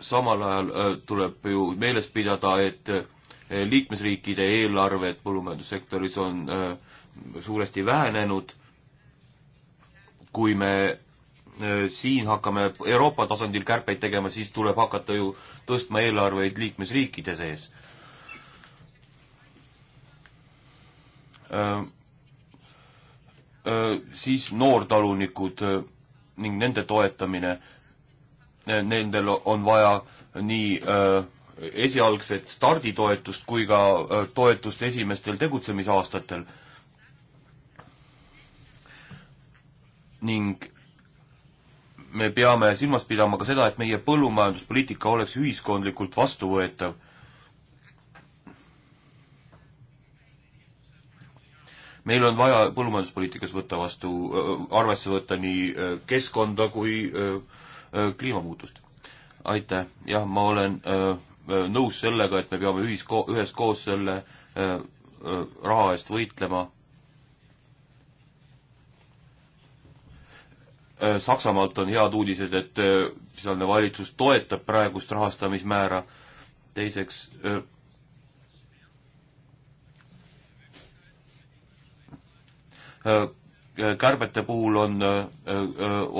samal ajal tuleb ju meeles pidada, et liikmesriikide eelarved põllumajandussektoris on äh, suuresti vähenenud, kui me äh, siin hakkame Euroopa tasandil kärpeid tegema, siis tuleb hakata ju tõstma eelarveid liikmesriikide sees. Äh, siis noortalunikud ning nende toetamine, nendel on vaja nii öö, esialgset starditoetust kui ka äh, toetust esimestel tegutsemisaastatel. ning me peame silmas pidama ka seda, et meie põllumajanduspoliitika oleks ühiskondlikult vastuvõetav. meil on vaja põllumajanduspoliitikas võtta vastu, äh, arvesse võtta nii äh, keskkonda kui kliimamuutust. aitäh, jah, ma olen öö, Äh, nõus sellega, et me peame ühisko-, üheskoos selle äh, äh, raha eest võitlema äh,. Saksamaalt on head uudised, et äh, sealne valitsus toetab praegust rahastamismäära, teiseks äh, kärbete puhul on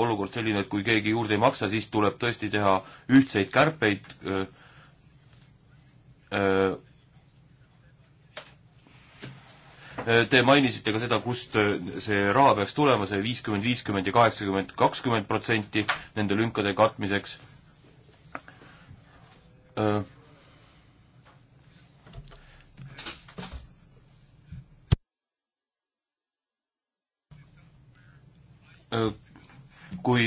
olukord selline, et kui keegi juurde ei maksa, siis tuleb tõesti teha ühtseid kärpeid öö, Äh, äh, te mainisite ka seda, kust äh, see raha peaks tulema, see viiskümmend, viiskümmend ja kaheksakümmend, kakskümmend protsenti nende lünkade katmiseks. kui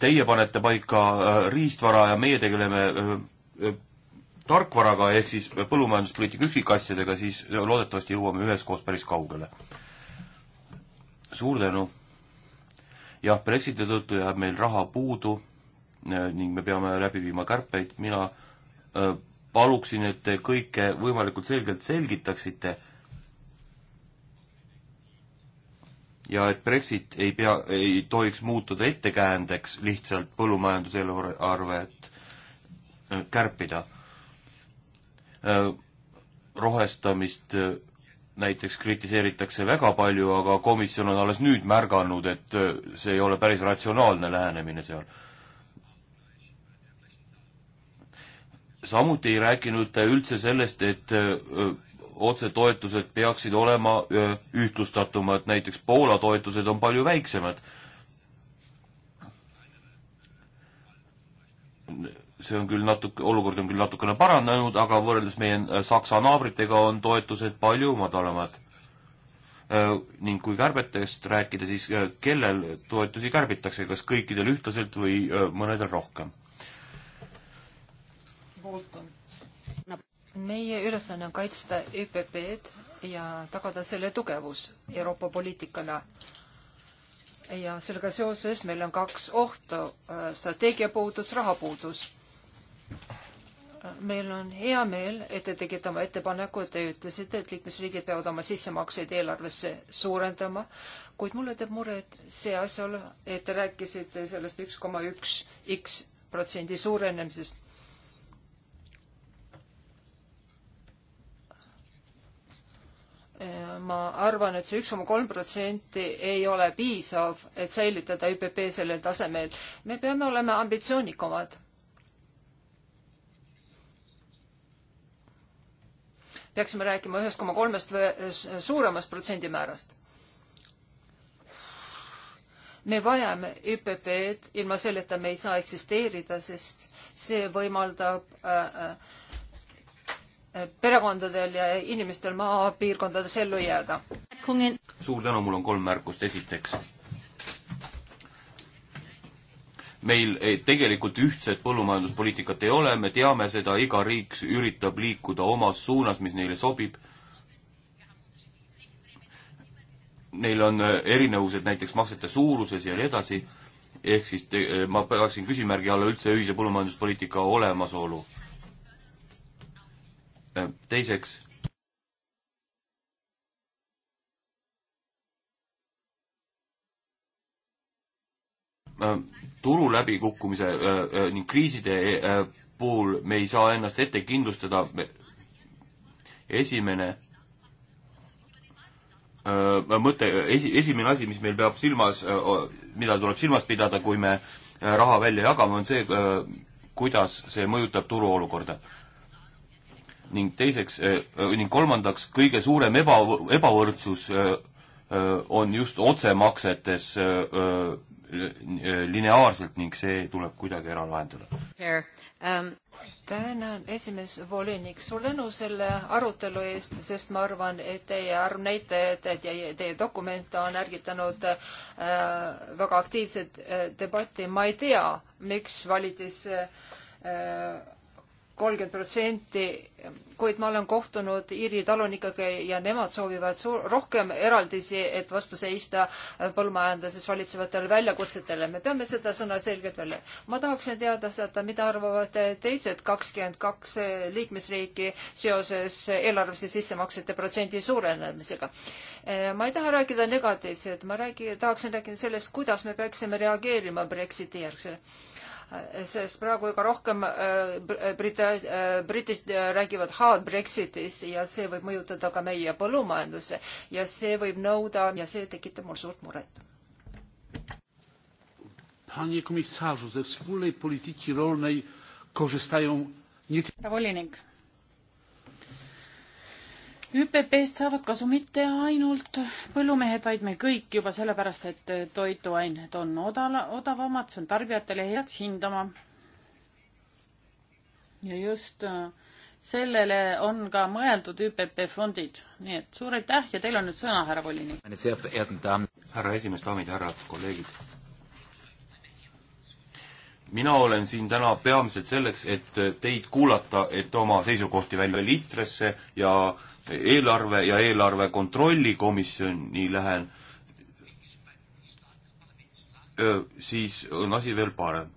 teie panete paika riistvara ja meie tegeleme tarkvaraga ehk siis põllumajanduspoliitika üksikasjadega, siis loodetavasti jõuame üheskoos päris kaugele. suur tänu! jah, Brexiti tõttu jääb meil raha puudu äh, ning me peame läbi viima kärpeid, mina äh, paluksin, et te kõike võimalikult selgelt selgitaksite ja et Brexit ei pea, ei tohiks muutuda ettekäändeks lihtsalt põllumajanduseelarvet äh, kärpida. Äh, rohestamist äh, näiteks kritiseeritakse väga palju, aga komisjon on alles nüüd märganud, et äh, see ei ole päris ratsionaalne lähenemine seal. samuti ei rääkinud ta üldse sellest, et otsetoetused peaksid olema ühtlustatumad, näiteks Poola toetused on palju väiksemad see on küll natuke, olukord on küll natukene paranenud, aga võrreldes meie äh, Saksa naabritega on toetused palju madalamad. Äh, ning kui kärbetest rääkida, siis äh, kellel toetusi kärbitakse, kas kõikidel ühtlaselt või mõnedel rohkem? meie ülesanne on kaitsta ÜPP-d e ja tagada selle tugevus Euroopa poliitikana ja sellega seoses meil on kaks ohtu, strateegia puudus, raha puudus meil on hea meel, et te tegite oma ettepaneku, te ütlesite, et liikmesriigid peavad oma sissemakseid eelarvesse suurendama, kuid mulle teeb muret see asjaolu, et te rääkisite sellest üks koma üks X protsendi suurenemisest. ma arvan, et see üks koma kolm protsenti ei ole piisav, et säilitada ÜPP sellel tasemel. me peame olema ambitsioonikamad peaksime rääkima ühest koma kolmest suuremast protsendimäärast. me vajame ÜPP-d, ilma selleta me ei saa eksisteerida, sest see võimaldab äh, äh, perekondadel ja inimestel maapiirkondades ellu jääda. suur tänu, mul on kolm märkust, esiteks meil ei, eh, tegelikult ühtset põllumajanduspoliitikat ei ole, me teame seda, iga riik üritab liikuda omas suunas, mis neile sobib. Neil on eh, erinevused näiteks maksete suuruses ja nii edasi, ehk siis te, eh, ma peaksin küsimärgi alla üldse ühise põllumajanduspoliitika olemasolu. teiseks Äh, turu läbikukkumise äh, äh, ning kriiside puhul me ei saa ennast ette kindlustada. esimene mõte, esi, esimene asi, mis meil peab silmas, mida tuleb silmas pidada, kui me raha välja jagame, on see, kuidas see mõjutab turuolukorda. ning teiseks, ning kolmandaks, kõige suurem eba, ebavõrdsus on just otsemaksetes lineaarselt ning see tuleb kuidagi ära lahendada. Um... tänan, esimees volinik, suur tänu selle arutelu eest, sest ma arvan, et teie arv näitajad ja teie dokument on ärgitanud äh, väga aktiivset äh, debatti. ma ei tea, miks valiti see äh, kolmkümmend protsenti, kuid ma olen kohtunud Iiri talunikega ja nemad soovivad rohkem eraldisi, et vastu seista põllumajanduses valitsevatele väljakutsetele. me peame seda sõna selgelt välja. ma tahaksin teada seda, mida arvavad teised kakskümmend kaks liikmesriiki seoses eelarvesse sissemaksete protsendi suurenemisega. ma ei taha rääkida negatiivset, ma räägi, tahaksin rääkida sellest, kuidas me peaksime reageerima Brexiti järgsele sest praegu ega rohkem äh, äh, Brita-, äh, britid räägivad hard Brexitist ja see võib mõjutada ka meie põllumajanduse ja see võib nõuda ja see tekitab mul suurt muret. härra volinik ÜPP-st saavad kasu mitte ainult põllumehed, vaid me kõik juba sellepärast, et toiduained on odala, odavamad, see on tarbijatele heaks hindama. ja just äh, sellele on ka mõeldud ÜPP fondid, nii et suur aitäh ja teil on nüüd sõna, härra volinik. härra esimees, daamid ja härrad, kolleegid. mina olen siin täna peamiselt selleks, et teid kuulata, et oma seisukohti välja liitresse ja eelarve ja eelarve kontrollikomisjoni lähen, siis on asi veel parem.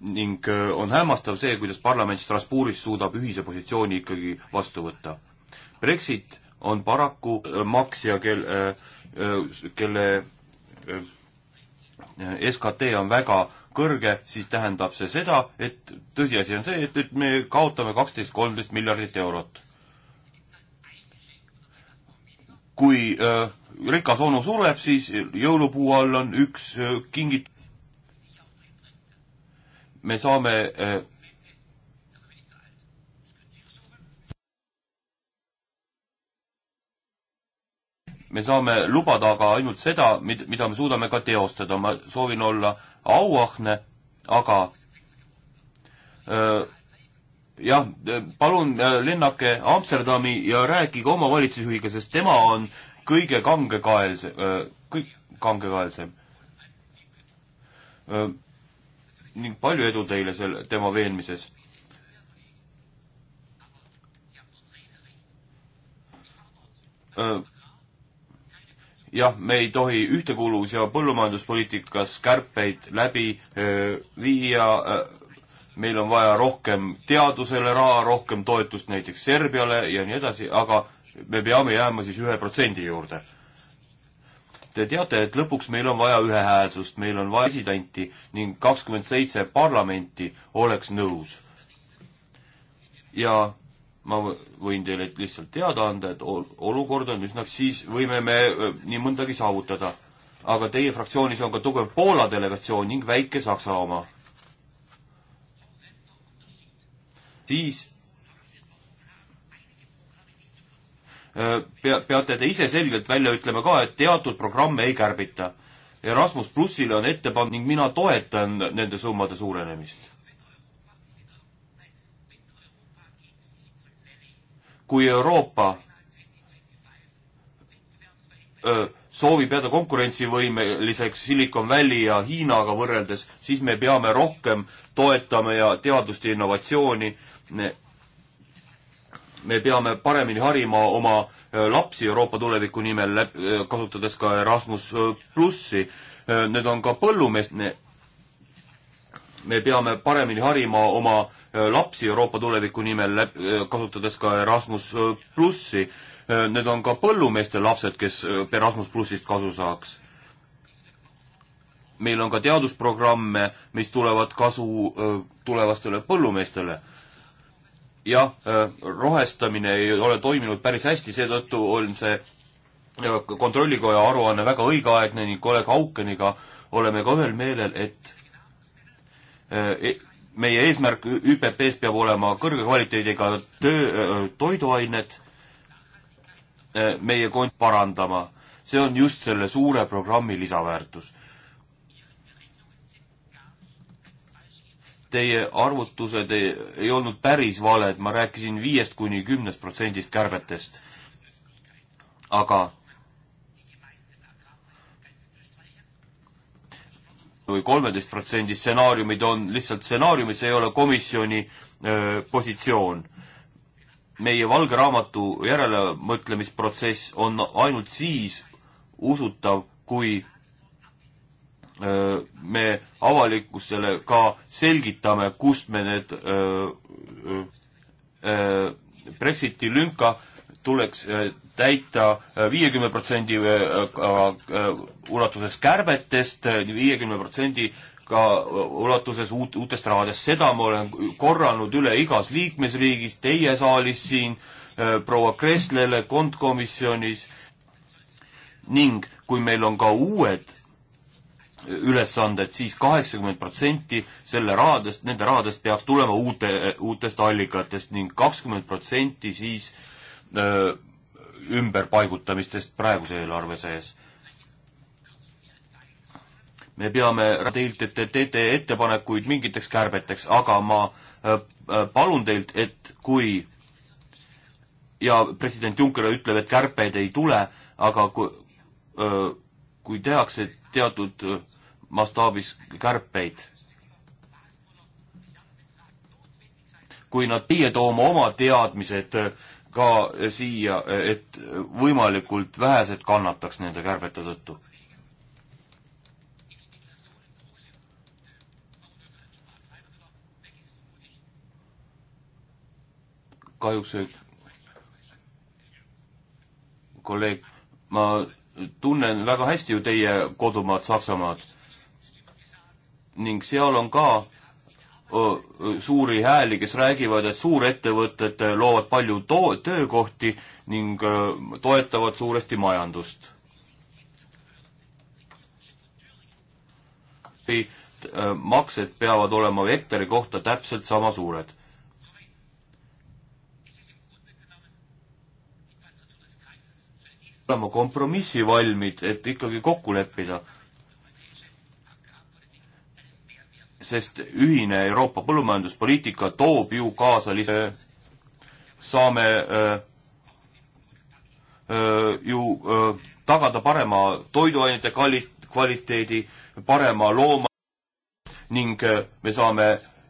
ning on hämmastav see, kuidas parlament Strasbourgis suudab ühise positsiooni ikkagi vastu võtta. Brexit on paraku maksja, kel-, kelle, kelle SKT on väga kõrge, siis tähendab see seda, et tõsiasi on see, et, et me kaotame kaksteist, kolmteist miljardit eurot. kui äh, rikas onu sureb, siis jõulupuu all on üks äh, kingit-. me saame äh, me saame lubada aga ainult seda, mid-, mida me suudame ka teostada, ma soovin olla auahne, aga öö, jah, palun äh, lennake Amsterdami ja rääkige oma valitsusjuhiga, sest tema on kõige kangekaelse, kõik kangekaelsem. ning palju edu teile selle, tema veenmises öö, jah, me ei tohi ühtekuuluvus- ja põllumajanduspoliitikas kärpeid läbi öö, viia, meil on vaja rohkem teadusele raha, rohkem toetust näiteks Serbiale ja nii edasi, aga me peame jääma siis ühe protsendi juurde. Te teate, et lõpuks meil on vaja ühehäälsust, meil on vaja presidenti ning kakskümmend seitse parlamenti oleks nõus. ja ma võin teile lihtsalt teada anda, et olukord on üsna, siis võime me nii mõndagi saavutada. aga teie fraktsioonis on ka tugev Poola delegatsioon ning väike Saksa oma. siis pea, peate te ise selgelt välja ütlema ka, et teatud programme ei kärbita. Erasmus plussile on ette pannud ning mina toetan nende summade suurenemist kui Euroopa öö, soovib jääda konkurentsivõimeliseks Silicon Valley ja Hiinaga võrreldes, siis me peame rohkem toetama ja teadust ja innovatsiooni. me peame paremini harima oma lapsi Euroopa tuleviku nimel, kasutades ka Erasmus plussi. Need on ka põllumees-, me peame paremini harima oma äh, lapsi Euroopa tuleviku nimel, äh, kasutades ka Erasmus äh, plussi. Need on ka põllumeeste lapsed, kes Erasmus plussist kasu saaks. meil on ka teadusprogramme, mis tulevad kasu tulevastele põllumeestele. jah, rohestamine ei ole toiminud päris hästi, seetõttu on see kontrollikoja aruanne väga õigeaegne ning kolleeg Aukeniga oleme ka ühel meelel, et Äh, e, meie eesmärk ÜPP-s peab olema kõrge kvaliteediga töö, äh, toiduained, äh, meie kont- parandama. see on just selle suure programmi lisaväärtus. Teie arvutused ei, ei olnud päris valed, ma rääkisin viiest kuni kümnest protsendist kärbetest. aga või kolmeteist protsendi stsenaariumid on lihtsalt stsenaariumid, see ei ole komisjoni öö, positsioon. meie valge raamatu järelemõtlemisprotsess on ainult siis usutav, kui öö, me avalikkusele ka selgitame, kust me need öö, Brexiti lünka tuleks äh, täita äh, viiekümne protsendi äh, ulatuses kärbetest, viiekümne protsendi ka ulatuses uut, uutest rahadest, seda ma olen korranud üle igas liikmesriigis, teie saalis siin, proua Kresslele kontkomisjonis ning kui meil on ka uued ülesanded siis, siis kaheksakümmend protsenti selle rahadest, nende rahadest peaks tulema uute, uutest allikatest ning kakskümmend protsenti siis äh, Äh, ümberpaigutamistest praeguse eelarve sees. me peame teilt, et te teete ettepanekuid mingiteks kärbeteks, aga ma äh, äh, palun teilt, et kui ja president Juncker ütleb, et kärpeid ei tule, aga kui, kui tehakse teatud mastaabis kärpeid, kui nad pia tooma oma teadmised äh, ka siia, et võimalikult vähesed kannataks nende kärbete tõttu. kahjuks see kolleeg, ma tunnen väga hästi ju teie kodumaad Saksamaad ning seal on ka suuri hääli, kes räägivad, et suurettevõtted loovad palju to-, töökohti ning toetavad suuresti majandust. maksed peavad olema hektari kohta täpselt sama suured olema kompromissi valmid, et ikkagi kokku leppida. sest ühine Euroopa põllumajanduspoliitika toob ju kaasa lisa, saame öö, äh, öö, äh, ju öö, äh, tagada parema toiduainete kali-, kvaliteedi, parema looma- ning me saame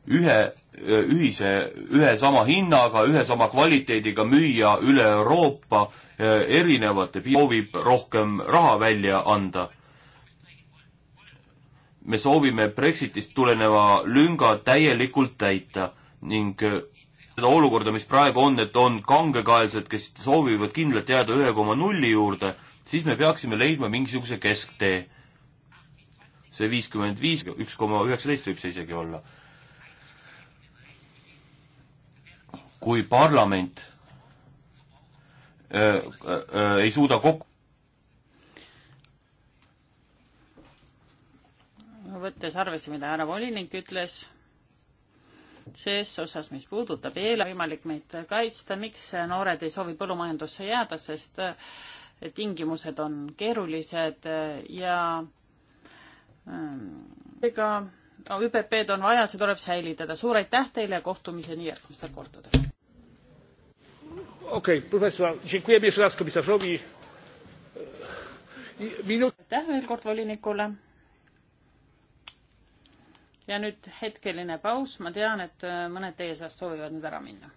ühe, ühise, ühe sama hinnaga, ühe sama kvaliteediga müüa üle Euroopa erinevate pi-, soovib rohkem raha välja anda me soovime Brexitist tuleneva lünga täielikult täita ning äh, seda olukorda, mis praegu on, et on kangekaelsed, kes soovivad kindlalt jääda ühe koma nulli juurde, siis me peaksime leidma mingisuguse kesktee. see viiskümmend viis, üks koma üheksateist võib see isegi olla. kui parlament öö, äh, öö, äh, ei suuda kokku võttes arvesse, mida härra volinik ütles, ses osas, mis puudutab eelarve, võimalik meid kaitsta, miks noored ei soovi põllumajandusse jääda, sest eh, tingimused on keerulised eh, ja eh, ega no, ÜPP-d on vaja, see tuleb säilitada. suur aitäh teile ja kohtumiseni järgmistel kordadel. okei okay,, professor, aitäh veel kord volinikule ja nüüd hetkeline paus, ma tean, et äh, mõned teie seast soovivad nüüd ära minna.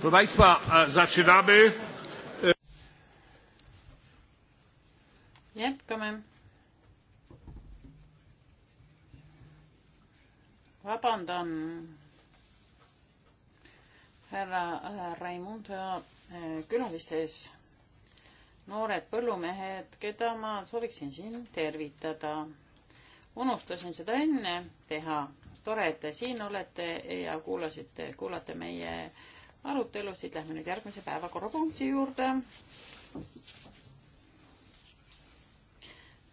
Proszę Państwa, e, zaczynamy. E, jätkame. vabandan härra e, Raimond külaliste ees. noored põllumehed, keda ma sooviksin siin tervitada. unustasin seda enne teha. tore, et te siin olete ja kuulasite, kuulate meie äh, arutelusid. Lähme nüüd järgmise päevakorrapunkti juurde.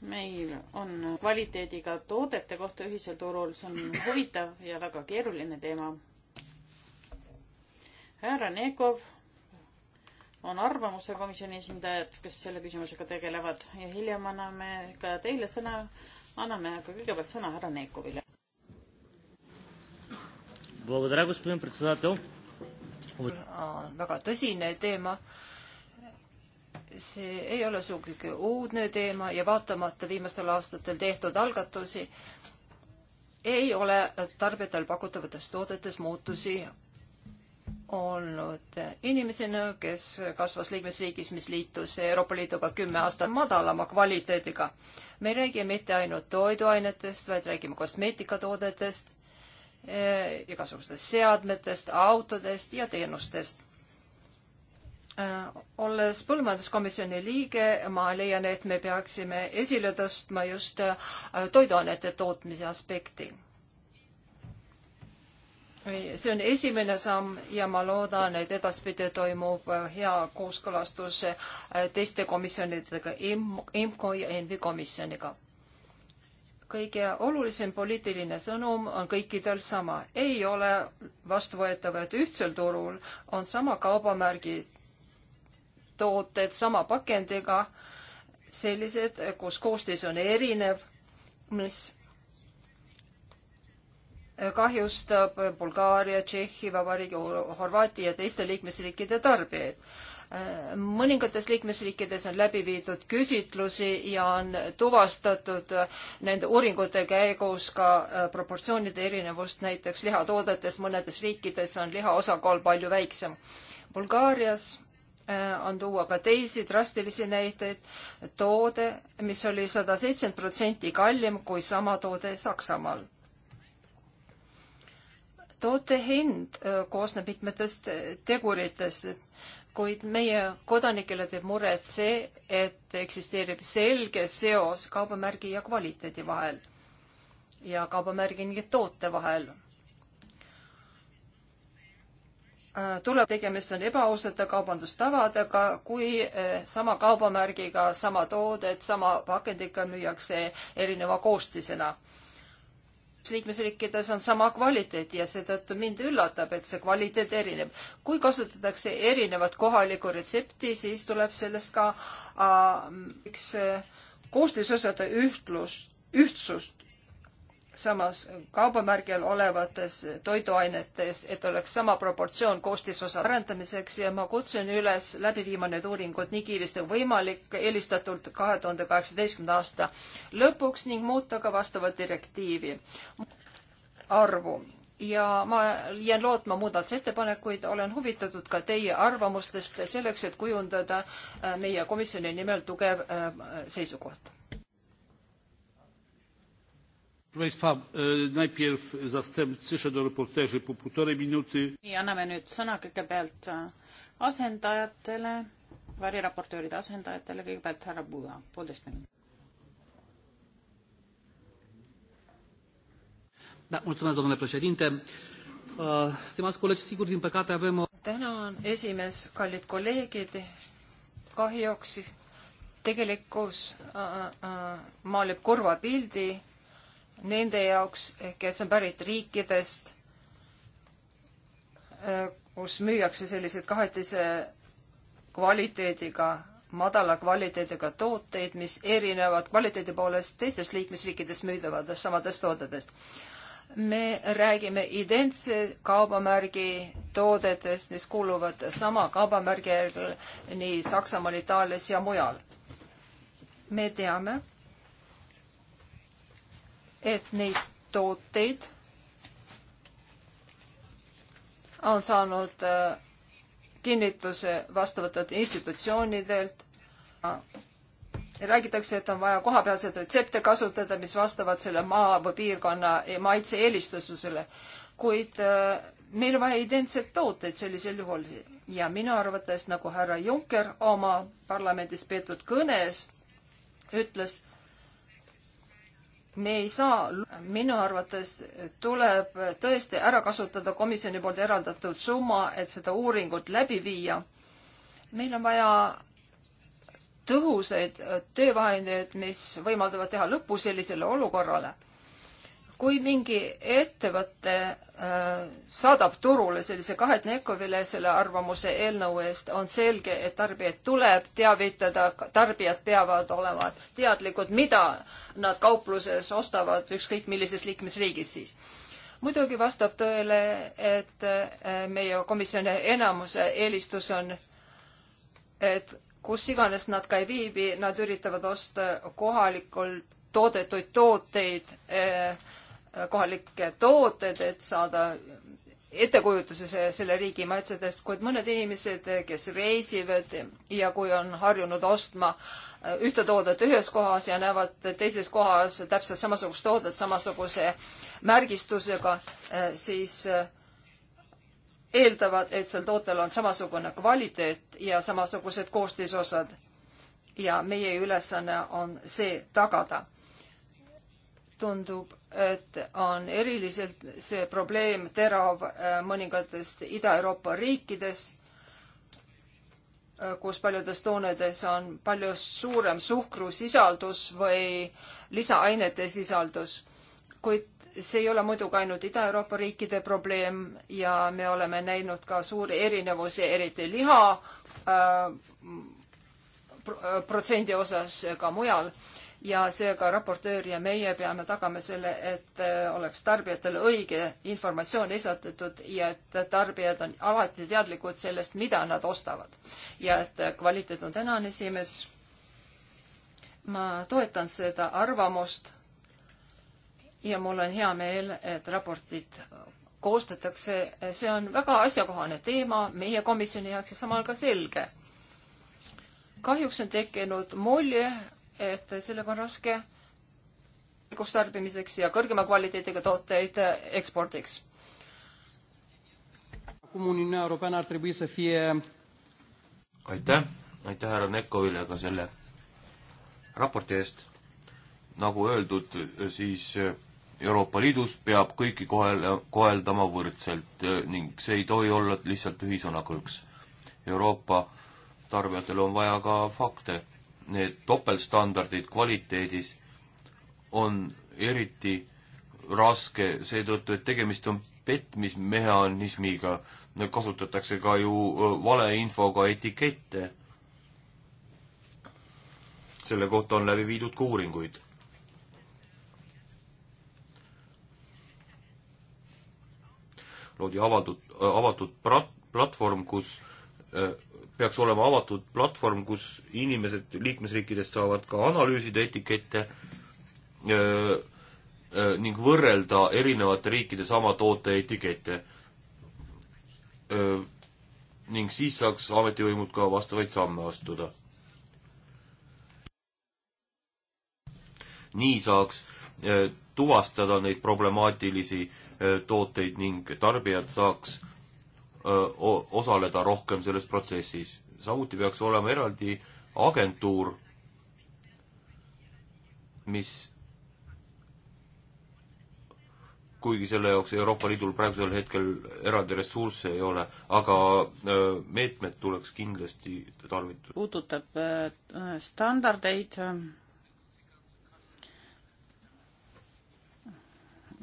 meil on kvaliteediga toodete kohta ühisel turul, see on huvitav ja väga keeruline teema. härra Neekov on arvamuse komisjoni esindajad, kes selle küsimusega tegelevad ja hiljem anname ka teile sõna, anname aga kõigepealt sõna härra Neekovile väga tõsine teema. see ei ole sugugi uudne teema ja vaatamata viimastel aastatel tehtud algatusi, ei ole tarbijatel pakutavates toodetes muutusi olnud inimesena, kes kasvas liikmesriigis, mis liitus Euroopa Liiduga kümme aastat madalama kvaliteediga. me ei räägi mitte ainult toiduainetest, vaid räägime kosmeetikatoodetest, Eh, igasugustest seadmetest, autodest ja teenustest. Eh, olles põllumajanduskomisjoni liige, ma leian, et me peaksime esile tõstma just eh, toiduainete tootmise aspekti see on esimene samm ja ma loodan, et edaspidi toimub hea kooskõlastus teiste komisjonidega, IMCO ja ENVI komisjoniga kõige olulisem poliitiline sõnum on kõikidel sama. ei ole vastuvõetav, et ühtsel turul on sama kaubamärgi tooted sama pakendiga, sellised, kus koostis on erinev, mis kahjustab Bulgaaria, Tšehhi Vabariigi, Horvaatia ja teiste liikmesriikide tarbijaid mõningates liikmesriikides on läbi viidud küsitlusi ja on tuvastatud nende uuringute käigus ka äh, proportsioonide erinevust, näiteks lihatoodetes mõnedes riikides on liha osakaal palju väiksem. Bulgaarias äh, on tuua ka teisi drastilisi näiteid, toode, mis oli sada seitsekümmend protsenti kallim kui sama toode Saksamaal toote hind äh, koosneb mitmetest teguritest kuid meie kodanikele teeb muret see, et eksisteerib selge seos kaubamärgi ja kvaliteedi vahel ja kaubamärgi ning toote vahel. Äh, tuleb, tegemist on ebaausate kaubandustavadega, kui äh, sama kaubamärgiga sama toodet sama pakendiga müüakse erineva koostisena liikmesriikides on sama kvaliteet ja seetõttu mind üllatab, et see kvaliteet erineb. kui kasutatakse erinevat kohalikku retsepti, siis tuleb sellest ka äh, üks äh, koostisosade ühtlus, ühtsust samas kaubamärgil olevates toiduainetes, et oleks sama proportsioon koostisosa arendamiseks ja ma kutsun üles läbi viima need uuringud nii kiiresti kui võimalik, eelistatult kahe tuhande kaheksateistkümnenda aasta lõpuks ning muuta ka vastavat direktiivi arvu. ja ma jään lootma muudatusettepanekuid, olen huvitatud ka teie arvamustest selleks, et kujundada äh, meie komisjoni nimel tugev äh, seisukoht proszę państwa e, najpierw zastępcy sprawozdawcy po półtorej minuty. nii anname nüüd sõna kõigepealt e, asendajatele variraportööride asendajatele kõigepealt härra Buda poolteist minutit. Da, mulțumesc, domnule președinte. Uh, stimați colegi, sigur, din păcate avem... O... Tänan, esimees, kallid kolleegid. Kahjuks tegelikus äh, uh, äh, uh, maaleb kurva pildi nende jaoks, kes on pärit riikidest, eh, kus müüakse selliseid kahetise kvaliteediga, madala kvaliteediga tooteid, mis erinevad kvaliteedi poolest teistest liikmesriikidest müüdavatest samadest toodetest. me räägime identse kaubamärgi toodetest, mis kuuluvad sama kaubamärgi all nii Saksamaal, Itaalias ja mujal. me teame et neid tooteid on saanud äh, kinnituse vastavatelt institutsioonidelt. räägitakse, et on vaja kohapealseid retsepte kasutada, mis vastavad selle maa või piirkonna maitse eelistusele, kuid äh, meil on vaja identseid tooteid sellisel juhul ja minu arvates, nagu härra Juncker oma parlamendis peetud kõnes ütles, me ei saa, minu arvates tuleb tõesti ära kasutada komisjoni poolt eraldatud summa, et seda uuringut läbi viia. meil on vaja tõhusaid töövahendeid, mis võimaldavad teha lõpu sellisele olukorrale kui mingi ettevõte äh, saadab turule sellise kahetne Ecovile selle arvamuse eelnõu eest, on selge, et tarbijaid tuleb teavitada, tarbijad peavad olema teadlikud, mida nad kaupluses ostavad, ükskõik millises liikmesriigis siis. muidugi vastab tõele, et äh, meie komisjoni enamuse eelistus on, et kus iganes nad ka ei viibi, nad üritavad osta kohalikul toodetuid tooteid äh, kohalikke tooteid, et saada ettekujutuse selle riigi maitsetest, kuid mõned inimesed, kes reisivad ja kui on harjunud ostma äh, ühte toodet ühes kohas ja näevad teises kohas täpselt samasugust toodet samasuguse märgistusega, äh, siis äh, eeldavad, et sel tootel on samasugune kvaliteet ja samasugused koostisosad. ja meie ülesanne on see tagada. tundub, et on eriliselt see probleem terav äh, mõningatest Ida-Euroopa riikides, äh, kus paljudes toonedes on palju suurem suhkrusisaldus või lisaainete sisaldus. kuid see ei ole muidugi ainult Ida-Euroopa riikide probleem ja me oleme näinud ka suuri erinevusi, eriti liha äh, protsendi osas ka mujal äh, ja seega raportöör ja meie peame tagama selle, et äh, oleks tarbijatele õige informatsioon esitatud ja et tarbijad on alati teadlikud sellest, mida nad ostavad. ja et kvaliteet on tänan esimees. ma toetan seda arvamust ja mul on hea meel, et raportit koostatakse, see on väga asjakohane teema meie komisjoni jaoks ja samal ka selge. kahjuks on tekkinud mulje, et sellega on raske kus tarbimiseks ja kõrgema kvaliteediga tooteid ekspordiks. aitäh, aitäh härra Nekovile ka selle raporti eest. nagu öeldud, siis Euroopa Liidus peab kõiki kohel-, koheldama võrdselt ning see ei tohi olla lihtsalt ühisõnakõlks. Euroopa tarbijatel on vaja ka fakte need topeltstandardid kvaliteedis on eriti raske seetõttu, et tegemist on petmismehhanismiga, kasutatakse ka ju valeinfoga etikette. selle kohta on läbi viidud ka uuringuid. loodi avaldud, avatud plat-, platvorm, kus äh, peaks olema avatud platvorm, kus inimesed liikmesriikidest saavad ka analüüsida etikette öö, öö, ning võrrelda erinevate riikide sama toote etikette. ning siis saaks ametivõimud ka vastavaid samme astuda. nii saaks öö, tuvastada neid problemaatilisi tooteid ning tarbijad saaks osaleda rohkem selles protsessis. samuti peaks olema eraldi agentuur, mis kuigi selle jaoks Euroopa Liidul praegusel hetkel eraldi ressursse ei ole, aga meetmed tuleks kindlasti tarvitada. puudutab standardeid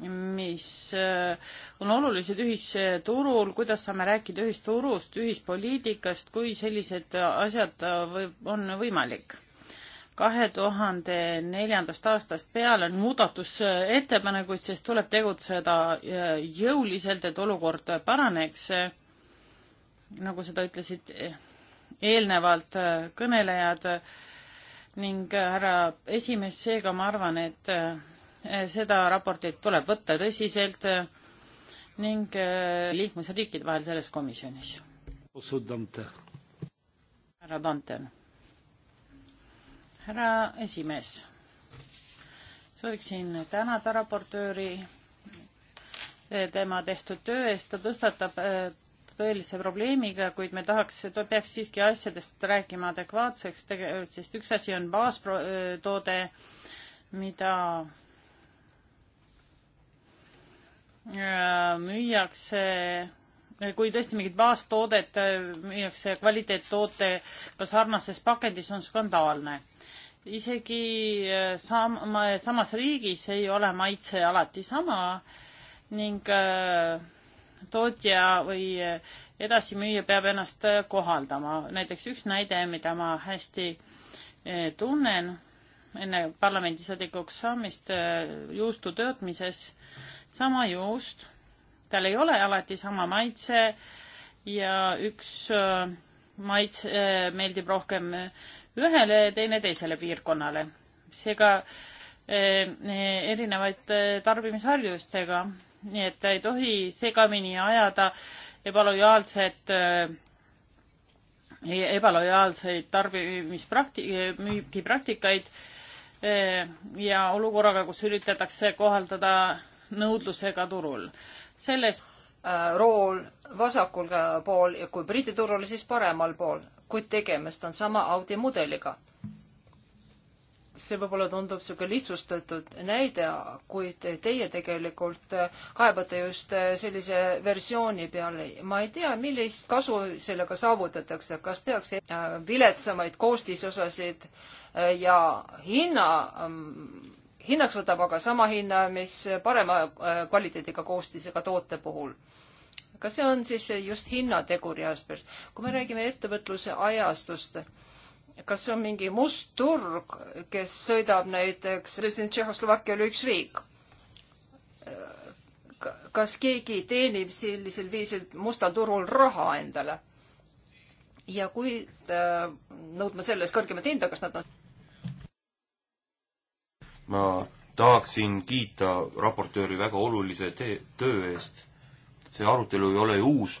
mis äh, on olulised ühisturul, kuidas saame rääkida ühisturust, ühispoliitikast, kui sellised asjad äh, võib, on võimalik. kahe tuhande neljandast aastast peale on muudatusettepanekuid, sest tuleb tegutseda äh, jõuliselt, et olukord paraneks, nagu seda ütlesid eelnevalt kõnelejad ning härra esimees, seega ma arvan, et Eh, seda raportit tuleb võtta tõsiselt eh, ning eh, liikmesriikide vahel selles komisjonis. härra Danten. härra esimees, sooviksin tänada raportööri tema tehtud töö eest, ta tõstatab tõelise probleemiga, kuid me tahaks, peaks siiski asjadest rääkima adekvaatseks, sest üks asi on baastoode, mida müüakse, kui tõesti mingit baastoodet müüakse kvaliteettootega sarnases pakendis, on skandaalne. isegi äh, sam-, samas riigis ei ole maitse alati sama ning äh, tootja või äh, edasimüüja peab ennast kohaldama. näiteks üks näide, mida ma hästi tunnen enne parlamendisaadikuks saamist juustu töötmises sama juust, tal ei ole alati sama maitse ja üks äh, maitse äh, meeldib rohkem äh, ühele, teine teisele piirkonnale. seega erinevaid tarbimisharjustega, nii et ei tohi segamini ajada ebalojaalset, ebalojaalseid tarbimisprakt-, müügipraktikaid ja olukorraga, kus üritatakse kohaldada nõudlusega turul. selles äh, rool vasakul pool ja kui Briti turul, siis paremal pool, kuid tegemist on sama Audi mudeliga. see võib-olla tundub niisugune lihtsustatud näide, kuid teie tegelikult kaebate just sellise versiooni peale. ma ei tea, millist kasu sellega saavutatakse, kas tehakse äh, viletsamaid koostisosasid äh, ja hinna ähm, hinnaks võtab aga sama hinna, mis parema äh, kvaliteediga koostisega toote puhul. ka see on siis just hinnateguri aspekt. kui me räägime ettevõtluse ajastust, kas see on mingi must turg, kes sõidab näiteks, Tšehhoslovakkia oli üks riik. kas keegi teenib sellisel viisil mustal turul raha endale? ja kui äh, nõudma selle eest kõrgemat hinda, kas nad on ma tahaksin kiita raportööri väga olulise tee, töö eest. see arutelu ei ole ju uus,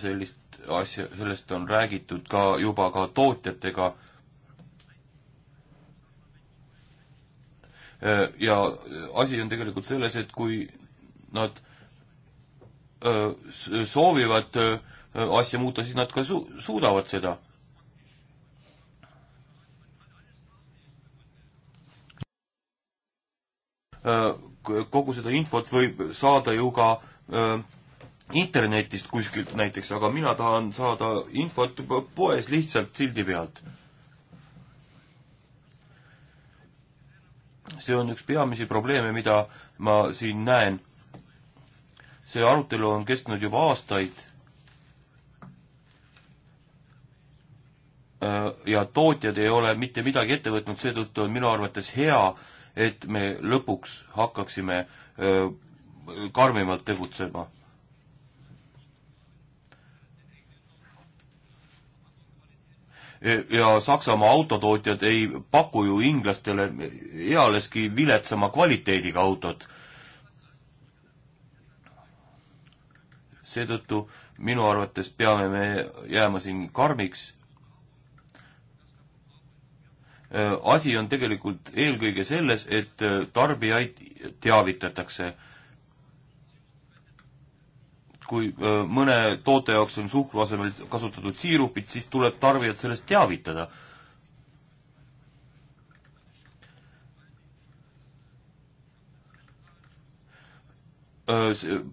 sellist asja, sellest on räägitud ka juba ka tootjatega. Äh, ja asi on tegelikult selles, et kui nad äh, soovivad äh, asja muuta, siis nad ka su-, suudavad seda Äh, kogu seda infot võib saada ju ka äh, internetist kuskilt näiteks, aga mina tahan saada infot poes lihtsalt sildi pealt. see on üks peamisi probleeme, mida ma siin näen. see arutelu on kestnud juba aastaid äh, ja tootjad ei ole mitte midagi ette võtnud, seetõttu on minu arvates hea, et me lõpuks hakkaksime öö, karmimalt tegutsema. ja Saksamaa autotootjad ei paku ju inglastele ealeski viletsama kvaliteediga autot. seetõttu minu arvates peame me jääma siin karmiks Äh, asi on tegelikult eelkõige selles, et äh, tarbijaid teavitatakse. kui äh, mõne toote jaoks on suhkru asemel kasutatud siirupit, siis tuleb tarbijat sellest teavitada.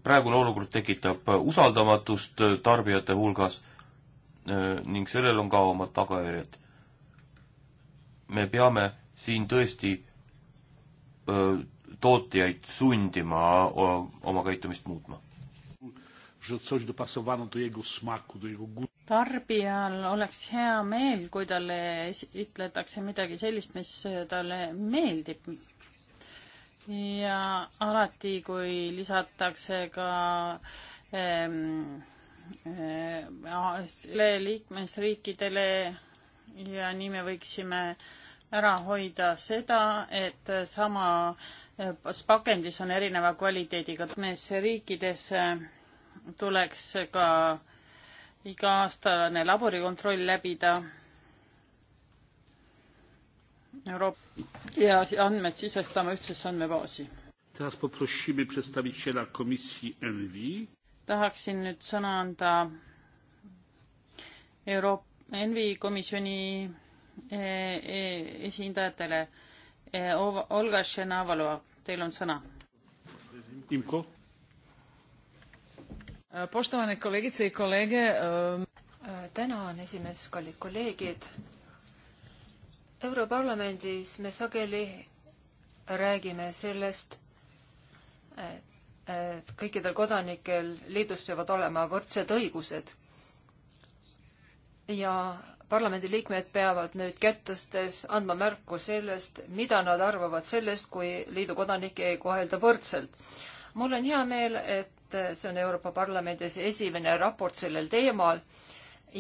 praegune olukord tekitab usaldamatust tarbijate hulgas ning sellel on ka oma tagajärjed me peame siin tõesti öö, tootjaid sundima oma käitumist muutma. tarbijal oleks hea meel, kui talle esitletakse midagi sellist, mis talle meeldib. ja alati, kui lisatakse ka ähm, äh, liikmesriikidele ja nii me võiksime äh, ära hoida seda, et sama eh, pakendis on erineva kvaliteediga. mees riikides eh, tuleks ka iga-aastane laborikontroll läbida. Euroopa ja andmed sisestama ühtsesse andmebaasi. tahaksin nüüd sõna anda Euroopa Envi komisjoni E, e, esindajatele. E, Olga Šenavalova, teil on sõna. Imko. Poštovane kolegice i kolege. tänan, esimees, kallid kolleegid. Europarlamendis me sageli räägime sellest, et kõikidel kodanikel liidus peavad olema võrdsed õigused. ja parlamendiliikmed peavad nüüd kättestes andma märku sellest, mida nad arvavad sellest, kui liidu kodanikke ei kohelda võrdselt. mul on hea meel, et see on Euroopa Parlamendis esimene raport sellel teemal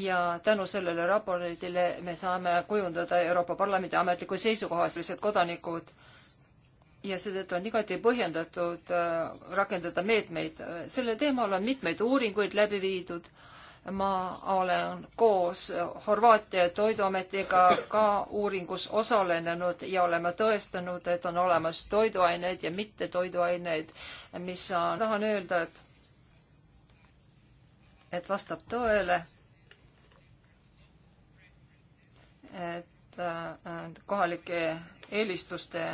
ja tänu sellele raportile me saame kujundada Euroopa Parlamendi ametliku seisukoha, sellised kodanikud ja seetõttu on igati põhjendatud äh, rakendada meetmeid. sellel teemal on mitmeid uuringuid läbi viidud ma olen koos Horvaatia Toiduametiga ka uuringus osalenud ja oleme tõestanud, et on olemas toiduained ja mittetoiduained, mis on, tahan öelda, et, et vastab tõele, et äh, kohalike eelistuste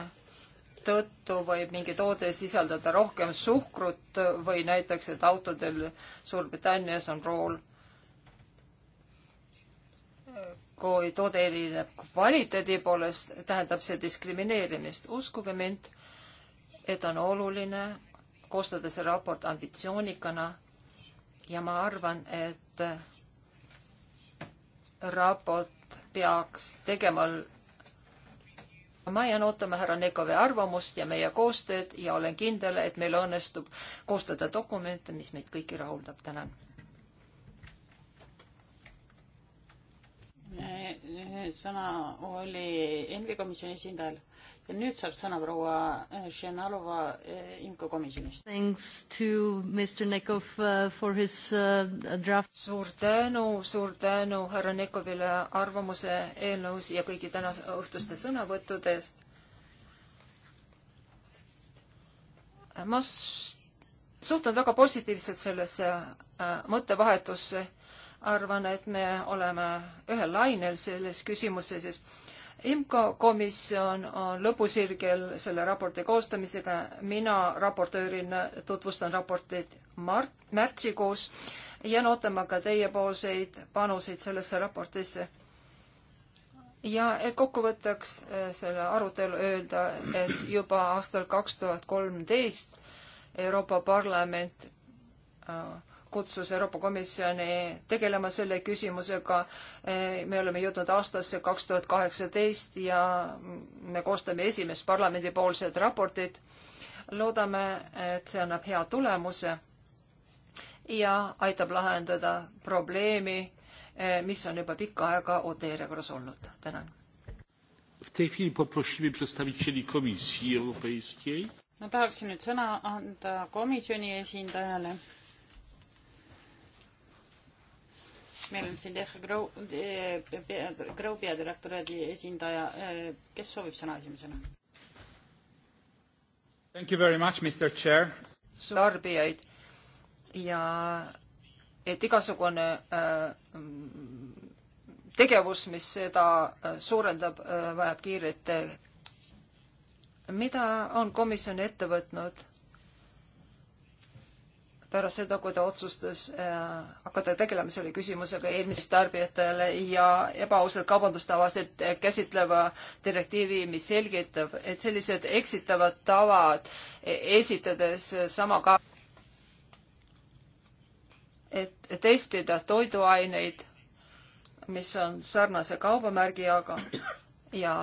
tõttu võib mingi toode sisaldada rohkem suhkrut või näiteks, et autodel Suurbritannias on rool kui toode erineb kvaliteedi poolest, tähendab see diskrimineerimist. uskuge mind, et on oluline koostada see raport ambitsioonikana ja ma arvan, et raport peaks tegema ma jään ootama härra Nekovi arvamust ja meie koostööd ja olen kindel, et meil õnnestub koostada dokumente, mis meid kõiki rahuldab. tänan Eh, sõna oli ENVI komisjoni esindajal ja nüüd saab sõna proua eh, Šenalova eh, IMCO komisjonist. suur tänu, suur tänu härra Nekovile arvamuse eelnõus ja kõigi tänaõhtuste sõnavõttude eest. ma suhtun väga positiivselt sellesse mõttevahetusse arvan, et me oleme ühel lainel selles küsimuses, sest IMCO komisjon on lõpusirgel selle raporti koostamisega, mina raportöörina tutvustan raportit mart-, märtsikuus, jään ootama ka teiepoolseid panuseid sellesse raportisse. ja et kokkuvõtteks eh, selle arutelu öelda, et juba aastal kaks tuhat kolmteist Euroopa Parlament äh, kutsus Euroopa Komisjoni tegelema selle küsimusega. me oleme jõudnud aastasse kaks tuhat kaheksateist ja me koostame esimest parlamendipoolset raportit. loodame, et see annab hea tulemuse ja aitab lahendada probleemi, mis on juba pikka aega ooteerijakorras olnud. tänan. ma tahaksin nüüd sõna anda komisjoni esindajale meil on siin DEFRA Grow, Grow peadirektoraadi esindaja, eh, kes soovib sõna esimesena? Thank you very much, Mr Chair. tarbijaid ja et igasugune äh, tegevus, mis seda eh, suurendab, vajab kiiret. mida on komisjon ette võtnud pärast seda, kui ta otsustas äh, hakata tegelema selle küsimusega eelmisest tarbijatele ja ebaausad kaubandustavasid käsitleva direktiivi, mis selgitab, et sellised eksitavad tavad e-, esitades sama ka-, et testida toiduaineid, mis on sarnase kaubamärgi jaga ja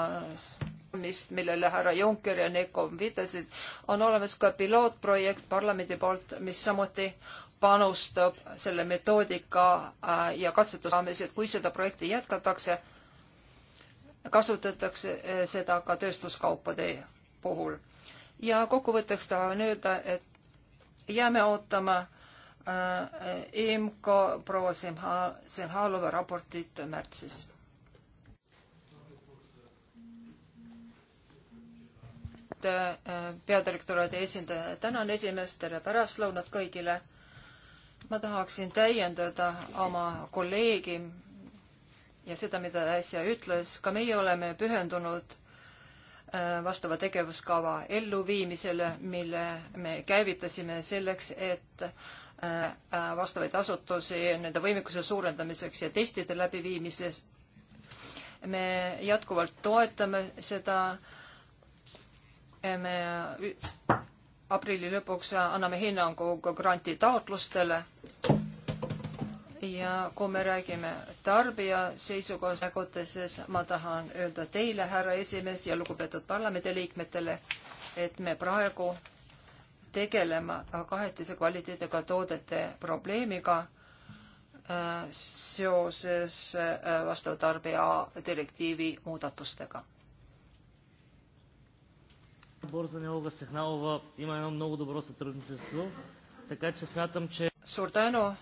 mis, millele härra Juncker ja Nekov viitasid, on olemas ka pilootprojekt parlamendi poolt, mis samuti panustab selle metoodika äh, ja katsetusraames, et kui seda projekti jätkatakse, kasutatakse äh, seda ka tööstuskaupade puhul. ja kokkuvõtteks tahan öelda, et jääme ootama äh, IMCO proua Simha-, Simhalova raportit märtsis poolt äh, peadirektoraadi esindaja. tänan esimeest, tere pärastlõunat kõigile. ma tahaksin täiendada oma kolleegi ja seda, mida ta äsja ütles. ka meie oleme pühendunud äh, vastava tegevuskava elluviimisele, mille me käivitasime selleks, et äh, vastavaid asutusi nende võimekuse suurendamiseks ja testide läbiviimises me jätkuvalt toetame seda me aprilli lõpuks anname hinnangu ka grantitaotlustele. ja kui me räägime tarbija seisukohast, nagu siis ma tahan öelda teile, härra esimees ja lugupeetud parlamendiliikmetele, et me praegu tegelema kahetise kvaliteediga toodete probleemiga äh, seoses äh, vastava tarbija direktiivi muudatustega борса на Олга Сехналова има едно много добро сътрудничество, така че смятам, че... Suur tänu!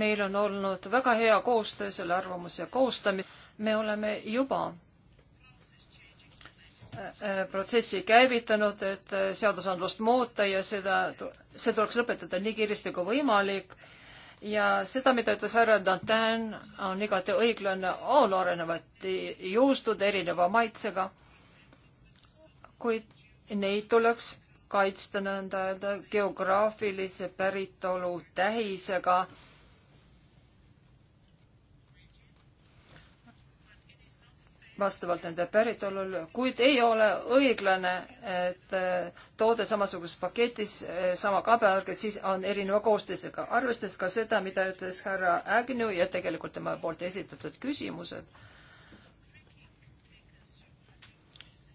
Meil on olnud väga hea koostöö selle arvamuse koostamise. Me oleme juba äh, äh, protsessi käivitanud, et äh, seadusandlust muuta ja seda, see tuleks lõpetada nii kiiresti kui võimalik. ja seda, mida ütles härra Dantin, on igati õiglane, on arenevad juustud erineva maitsega. kuid neid tuleks kaitsta nõnda öelda geograafilise päritolu tähisega. vastavalt nende päritolule, kuid ei ole õiglane, et eh, toode samasuguses paketis, eh, sama kabevärgid, siis on erineva koostisega. arvestades ka seda, mida ütles härra Agnew ja tegelikult tema poolt esitatud küsimused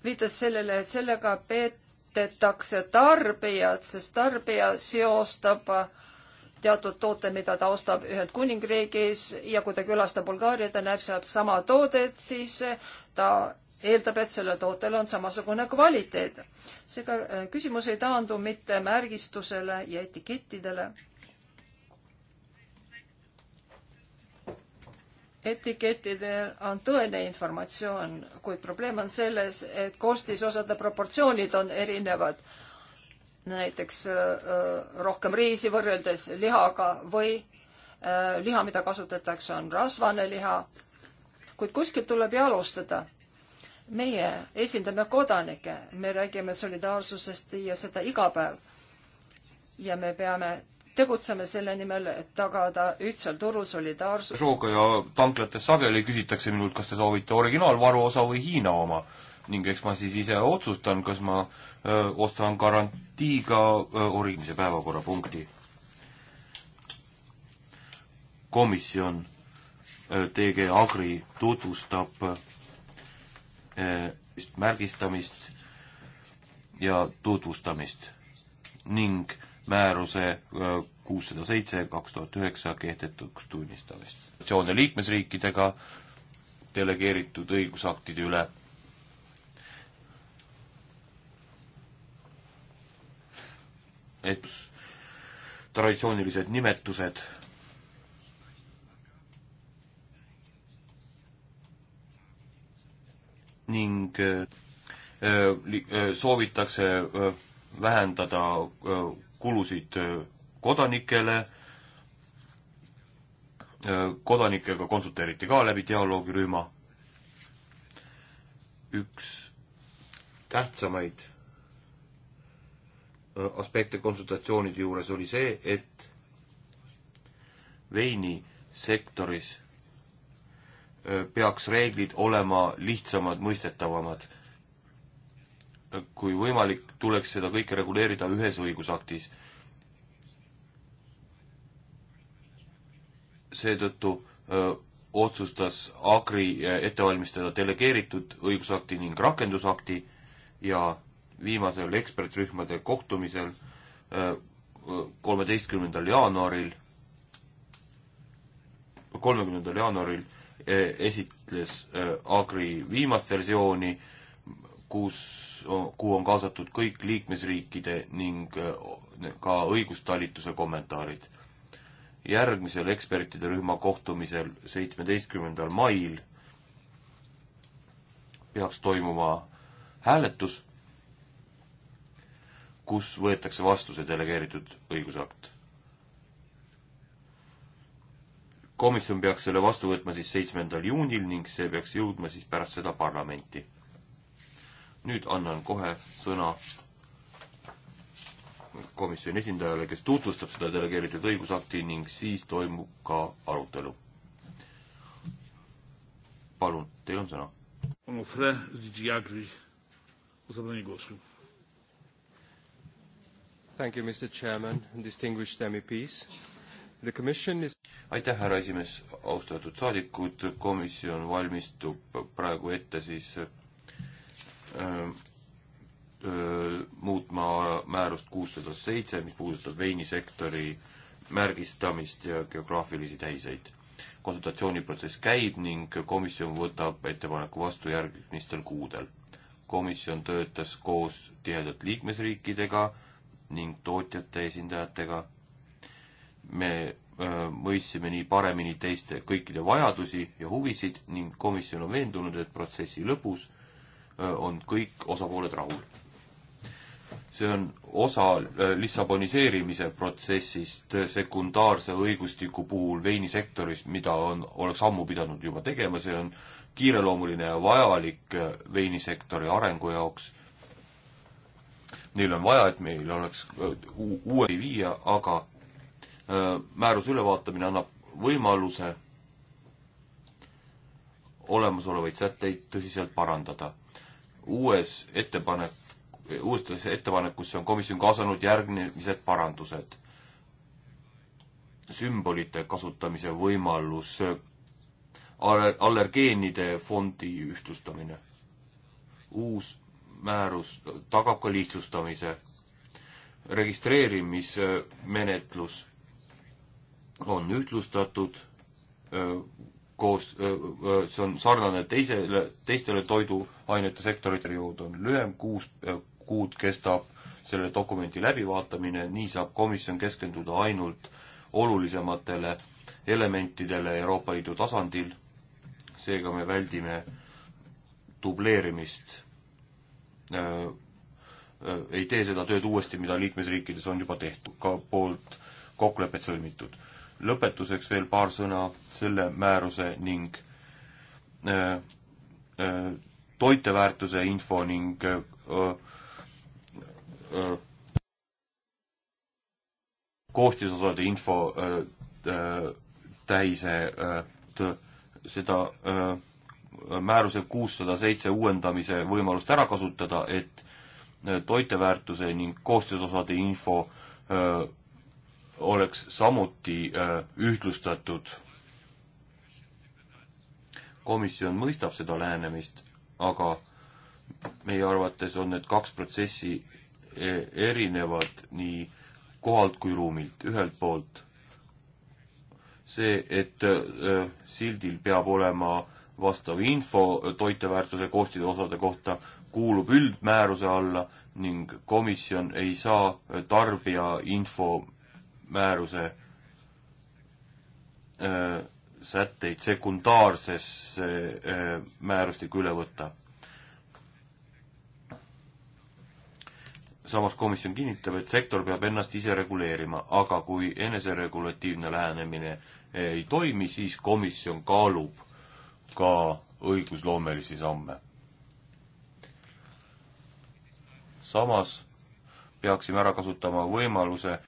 viitas sellele, et sellega peetetakse tarbijad, sest tarbija seostab teatud toote, mida ta ostab Ühendkuningriigis ja kui ta külastab Bulgaariat ja näeb sealt sama toodet, siis ta eeldab, et sellel tootel on samasugune kvaliteet. seega äh, küsimus ei taandu mitte märgistusele ja etikettidele etikettidel on tõene informatsioon, kuid probleem on selles, et koostisosade proportsioonid on erinevad. näiteks äh, äh, rohkem riisi võrreldes lihaga või äh, liha, mida kasutatakse, on rasvane liha. kuid kuskilt tuleb ju alustada. meie esindame kodanikke, me räägime solidaarsusest ja seda iga päev. ja me peame tegutseme selle nimel, et tagada ühtsel turul solidaarsus. Žooga ja tanklates sageli küsitakse minult, kas te soovite originaalvaru osa või Hiina oma ning eks ma siis ise otsustan, kas ma öö, ostan garantiiga öö, orimise päevakorrapunkti. komisjon TG Agri tutvustab öö, märgistamist ja tutvustamist ning määruse kuussada seitse kaks tuhat üheksa kehtetuks tunnistamist. seone liikmesriikidega delegeeritud õigusaktide üle et traditsioonilised nimetused ning soovitakse vähendada kulusid äh, kodanikele, äh, kodanikega konsulteeriti ka läbi dialoogirühma. üks tähtsamaid äh, aspekte konsultatsioonide juures oli see, et veinisektoris peaks reeglid olema lihtsamad, mõistetavamad kui võimalik, tuleks seda kõike reguleerida ühes õigusaktis. seetõttu öö, otsustas Agri ette valmistada delegeeritud õigusakti ning rakendusakti ja viimasel ekspertrühmade kohtumisel kolmeteistkümnendal jaanuaril, kolmekümnendal jaanuaril e, esitles Agri viimast versiooni kus, kuhu on kaasatud kõik liikmesriikide ning eh, ka õigustalituse kommentaarid. järgmisel ekspertide rühma kohtumisel seitsmeteistkümnendal mail peaks toimuma hääletus, kus võetakse vastu see delegeeritud õigusakt. komisjon peaks selle vastu võtma siis seitsmendal juunil ning see peaks jõudma siis pärast seda parlamenti nüüd annan kohe sõna komisjoni esindajale, kes tutvustab seda delegeeritud õigusakti ning siis toimub ka arutelu. palun, teil on sõna. Thank you, Mr Chairman, distinguished MEPs. The commission is aitäh, härra esimees, austatud saadikud, komisjon valmistub praegu ette siis muutma määrust kuussada seitse, mis puudutab veinisektori märgistamist ja geograafilisi tähiseid. konsultatsiooniprotsess käib ning komisjon võtab ettepaneku vastu järgmistel kuudel. komisjon töötas koos tihedalt liikmesriikidega ning tootjate esindajatega. me mõistsime nii paremini teiste kõikide vajadusi ja huvisid ning komisjon on veendunud, et protsessi lõpus on kõik osapooled rahul. see on osa lissaboniseerimise protsessist sekundaarse õigustiku puhul veinisektoris, mida on, oleks ammu pidanud juba tegema, see on kiireloomuline ja vajalik veinisektori arengu jaoks. Neil on vaja, et meil oleks uue viia, aga määruse ülevaatamine annab võimaluse olemasolevaid sätteid tõsiselt parandada uues ettepanek, uustesse ettepanekusse on komisjon kaasanud järgmised parandused. sümbolite kasutamise võimalus, allergeenide fondi ühtlustamine, uus määrus tagab ka lihtsustamise, registreerimismenetlus on ühtlustatud, koos, see on sarnane teisele, teistele toiduainete sektorite juurde, on lühem, kuus kuud kestab selle dokumendi läbivaatamine, nii saab komisjon keskenduda ainult olulisematele elementidele Euroopa Liidu tasandil, seega me väldime dubleerimist. ei tee seda tööd uuesti, mida liikmesriikides on juba tehtud, ka poolt kokkulepet sõlmitud lõpetuseks veel paar sõna selle määruse ning äh, äh, toiteväärtuse info ning äh, äh, äh koostisosade info äh, täise seda määruse kuussada seitse uuendamise võimalust ära kasutada, et toiteväärtuse ning koostisosade info öö, oleks samuti äh, ühtlustatud. komisjon mõistab seda lähenemist, aga meie arvates on need kaks protsessi e, erinevad nii kohalt kui ruumilt. ühelt poolt see, et äh, sildil peab olema vastav info toiteväärtuse koostide osade kohta, kuulub üldmääruse alla ning komisjon ei saa tarbija info määruse äh, sätteid sekundaarsesse äh, määrustikku üle võtta. samas komisjon kinnitab, et sektor peab ennast ise reguleerima, aga kui eneseregulatiivne lähenemine ei toimi, siis komisjon kaalub ka õigusloomelisi samme. samas peaksime ära kasutama võimaluse